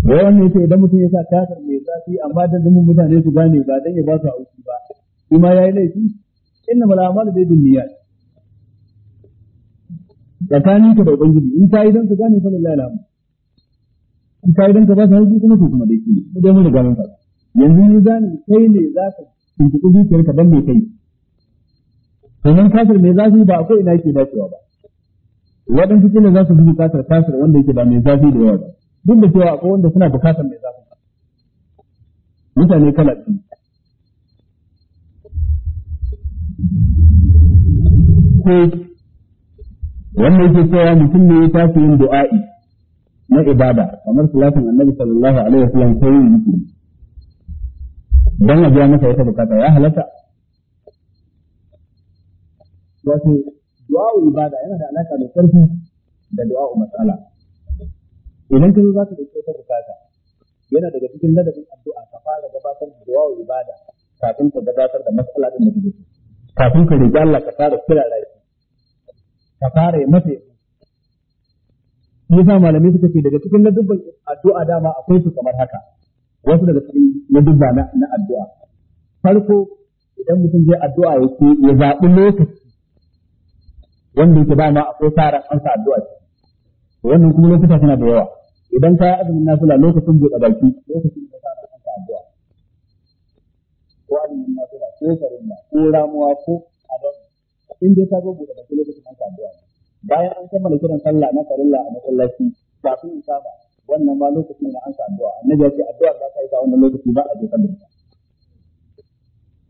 da yawan ne idan mutum ya sa takar mai zafi amma da zumun mutane su gane ba dan ya ba su auki ba shi ma yayi laifi inna mal a'malu bi niyyat tsakanin ka da ubangiji in ka yi dan ka gane fa lillahi alhamdu in ka yi dan ka ba su auki kuma to kuma dai shi mu dai mun riga mun faɗa yanzu ni gane kai ne za ka tuntuɓi ka dan mai kai sannan kafir mai zafi ba akwai ina yake dacewa ba waɗansu kila za su zubi kafir kafir wanda yake ba mai zafi da yawa ba duk da cewa akwai wanda suna bukatar mai zafin kai mutane kala biyu ko wannan yake cewa mutum ne ya tafi yin du'a'i na ibada kamar salatin annabi sallallahu alaihi wasallam ko yin zikiri dan a biya masa wata bukata ya halatta wato du'a'u ibada yana da alaka da sarfi da du'a'u matsala idan ka zo za ka dauki wata bukata yana daga cikin ladabin addu'a ka fara gabatar da du'a ibada kafin ka gabatar da mas'ala din da kake kafin ka riga Allah ka fara kira rayuwa ka fara yi mafi yasa malamai suka ce daga cikin ladabin addu'a dama akwai su kamar haka wasu daga cikin ladabba na na addu'a farko idan mutum zai addu'a ya ya zaɓi lokaci wanda yake dama akwai tsara an sa addu'a wannan kuma lokuta suna da yawa idan ka yi azumin nafila lokacin buɗe baki lokacin da kana kanka addu'a ko azumin nafila ko farilla ko ramuwa ko adon in dai ka zo buɗe baki lokacin kanka addu'a bayan an kammala kiran sallah na farilla a masallaci kafin in saba wannan ma lokacin da an sa addu'a annabi ya ce addu'a za ka yi ta wannan lokaci ba a je kallon ta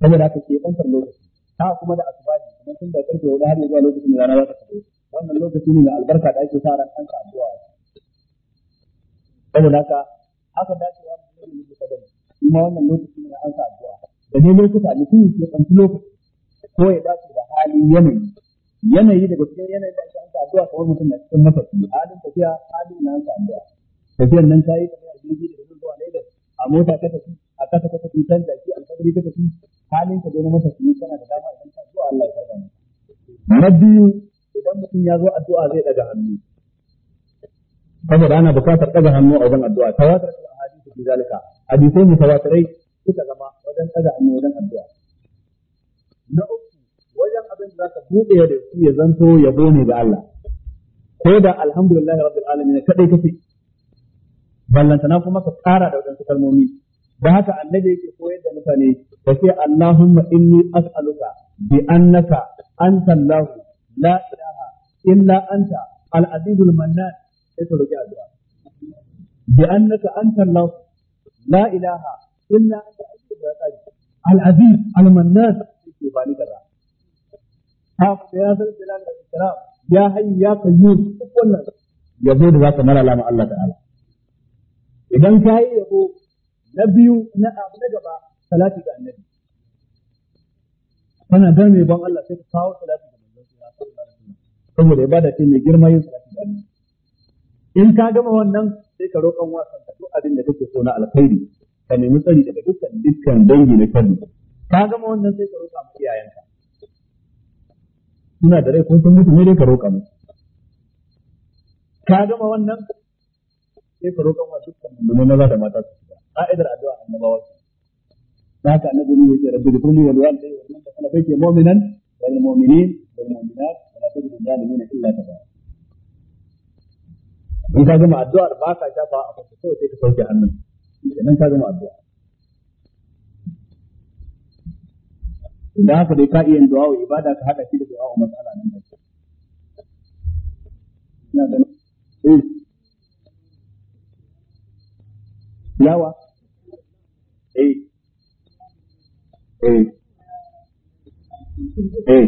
saboda haka ke bantar lokaci ta kuma da asubahi kuma tun da karfe hudu har zuwa lokacin da rana za ta fito wannan lokaci ne mai albarka da ake sa ran an sa addu'a saboda haka haka dacewa da zai yi da dani kuma wannan lokaci ne na an sa addu'a da dai lokuta mutum ya tsanci lokaci ko ya dace da hali yanayi yanayi daga cikin yanayin da ake an sa addu'a kamar mutum na cikin mafafi halin tafiya halin na an sa addu'a tafiyar nan ta yi tafiya a jirgi da nan zuwa Lagos a mota ta tafi a kasa ta tafi can jaki alfadari ta tafi halin ka dai na mafafi kana da dama idan ka zuwa Allah ya karɓa na biyu idan mutum ya zo addu'a zai daga hannu saboda ana bukatar ɗaga hannu a wajen addu'a tawatar su a hadisi fi zalika hadisai mu mutawatirai suka zama wajen ɗaga hannu wajen addu'a na uku wajen abin da zaka buɗe da su ya zanto ya bone ga Allah ko da alhamdulillahi rabbil alamin kadai kace ballantana kuma ka ƙara da wadansu kalmomi da haka annabi yake koyar da mutane ka ce Allahumma inni as'aluka bi annaka anta Allah la ilaha illa anta al-azizul mannan sai ka roki addu'a bi annaka anta Allah la ilaha illa anta anta ya qadi al-aziz al-mannan yake ba ni kaza ha ya san bilal da ikram ya hayyu ya qayyum duk wannan yabo da zaka malala ma Allah ta'ala idan ka yi yabo na biyu na abu na gaba salati ga annabi kana gane ban Allah sai ka kawo salati ga manzon Allah sallallahu alaihi wasallam saboda ibada ce mai girma yin salati ga annabi in ka gama wannan sai ka roƙan wasan ka duk abin da kake so na alkhairi ka nemi tsari daga dukkan dukkan dangi na sharri ka gama wannan sai ka roƙa maka iyayenka suna da rai kun san mutu ne dai ka roƙa musu ka gama wannan sai ka roƙa wa dukkan mummuni maza da mata su shiga ka'idar addu'a annabawa su ka haka annabi ne yake rabbi kulli wal walidayya wa man kana baiti mu'minan wal mu'minin wal mu'minat wa la tajidu zalimin illa tabara in ka gama addu'ar ba ka shafa a fasa kawai sai ka sauke hannun kenan ka gama addu'a Da haka dai ka iya yin du'a ibada ka hada shi da du'a mas'ala nan da ke ina ganin eh yawa eh eh eh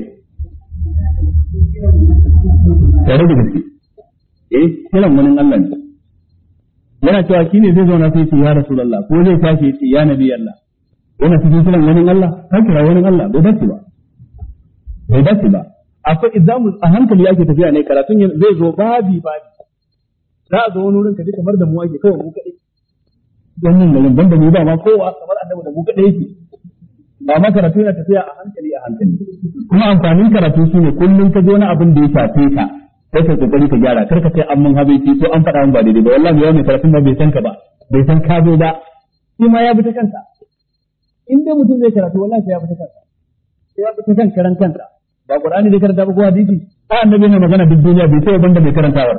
tare da gaske eh kiran wani Allah ne yana cewa shi ne zai zauna sai ce ya rasulullah ko zai tashi ce ya nabi Allah yana cikin kiran wani Allah ka kira wani Allah bai dace ba bai dace ba akwai izamu a hankali yake tafiya ne karatun zai zo babi babi za a zo wani wurin ka ji kamar da mu ake kawai mu kadai wannan garin ban da mu ba ma kowa kamar annabi da mu kadai ke. ba ma karatu yana tafiya a hankali a hankali kuma amfanin karatu shine kullum ka ji wani abin da ya shafe ka sai ka kokari ka gyara kar ka ce an mun habaici ko an faɗa mun ba daidai ba wallahi yau mai karatun ba bai san ka ba bai san ka zo ba shi ma ya bi ta kansa in dai mutum zai karatu wallahi sai ya bi ta kansa sai ya bi ta kan karan kansa ba qur'ani zai karanta ba ko hadisi a annabi ne magana duk duniya bai sai banda mai karantawa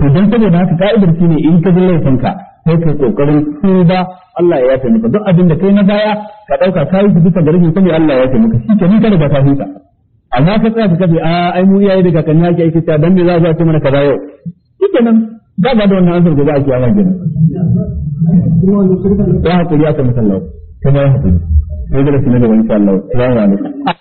to dan saboda haka ka'idar shine in ka zalla laifin ka sai ka kokarin tuba Allah ya yafe maka duk abin da kai na baya ka dauka kai bisa duka rashin sani Allah ya yafe maka shi ke ni kada ba ka huta amma ka tsaya ka kafe a ai mu iyaye da kakanni ake aiki ta dan me za a ce mana kaza yau nan ba ba da wannan ansar za a kiyama kenan haƙuri hakuri aka masallau ta ya hakuri sai da rasu na gaba insha Allah assalamu alaikum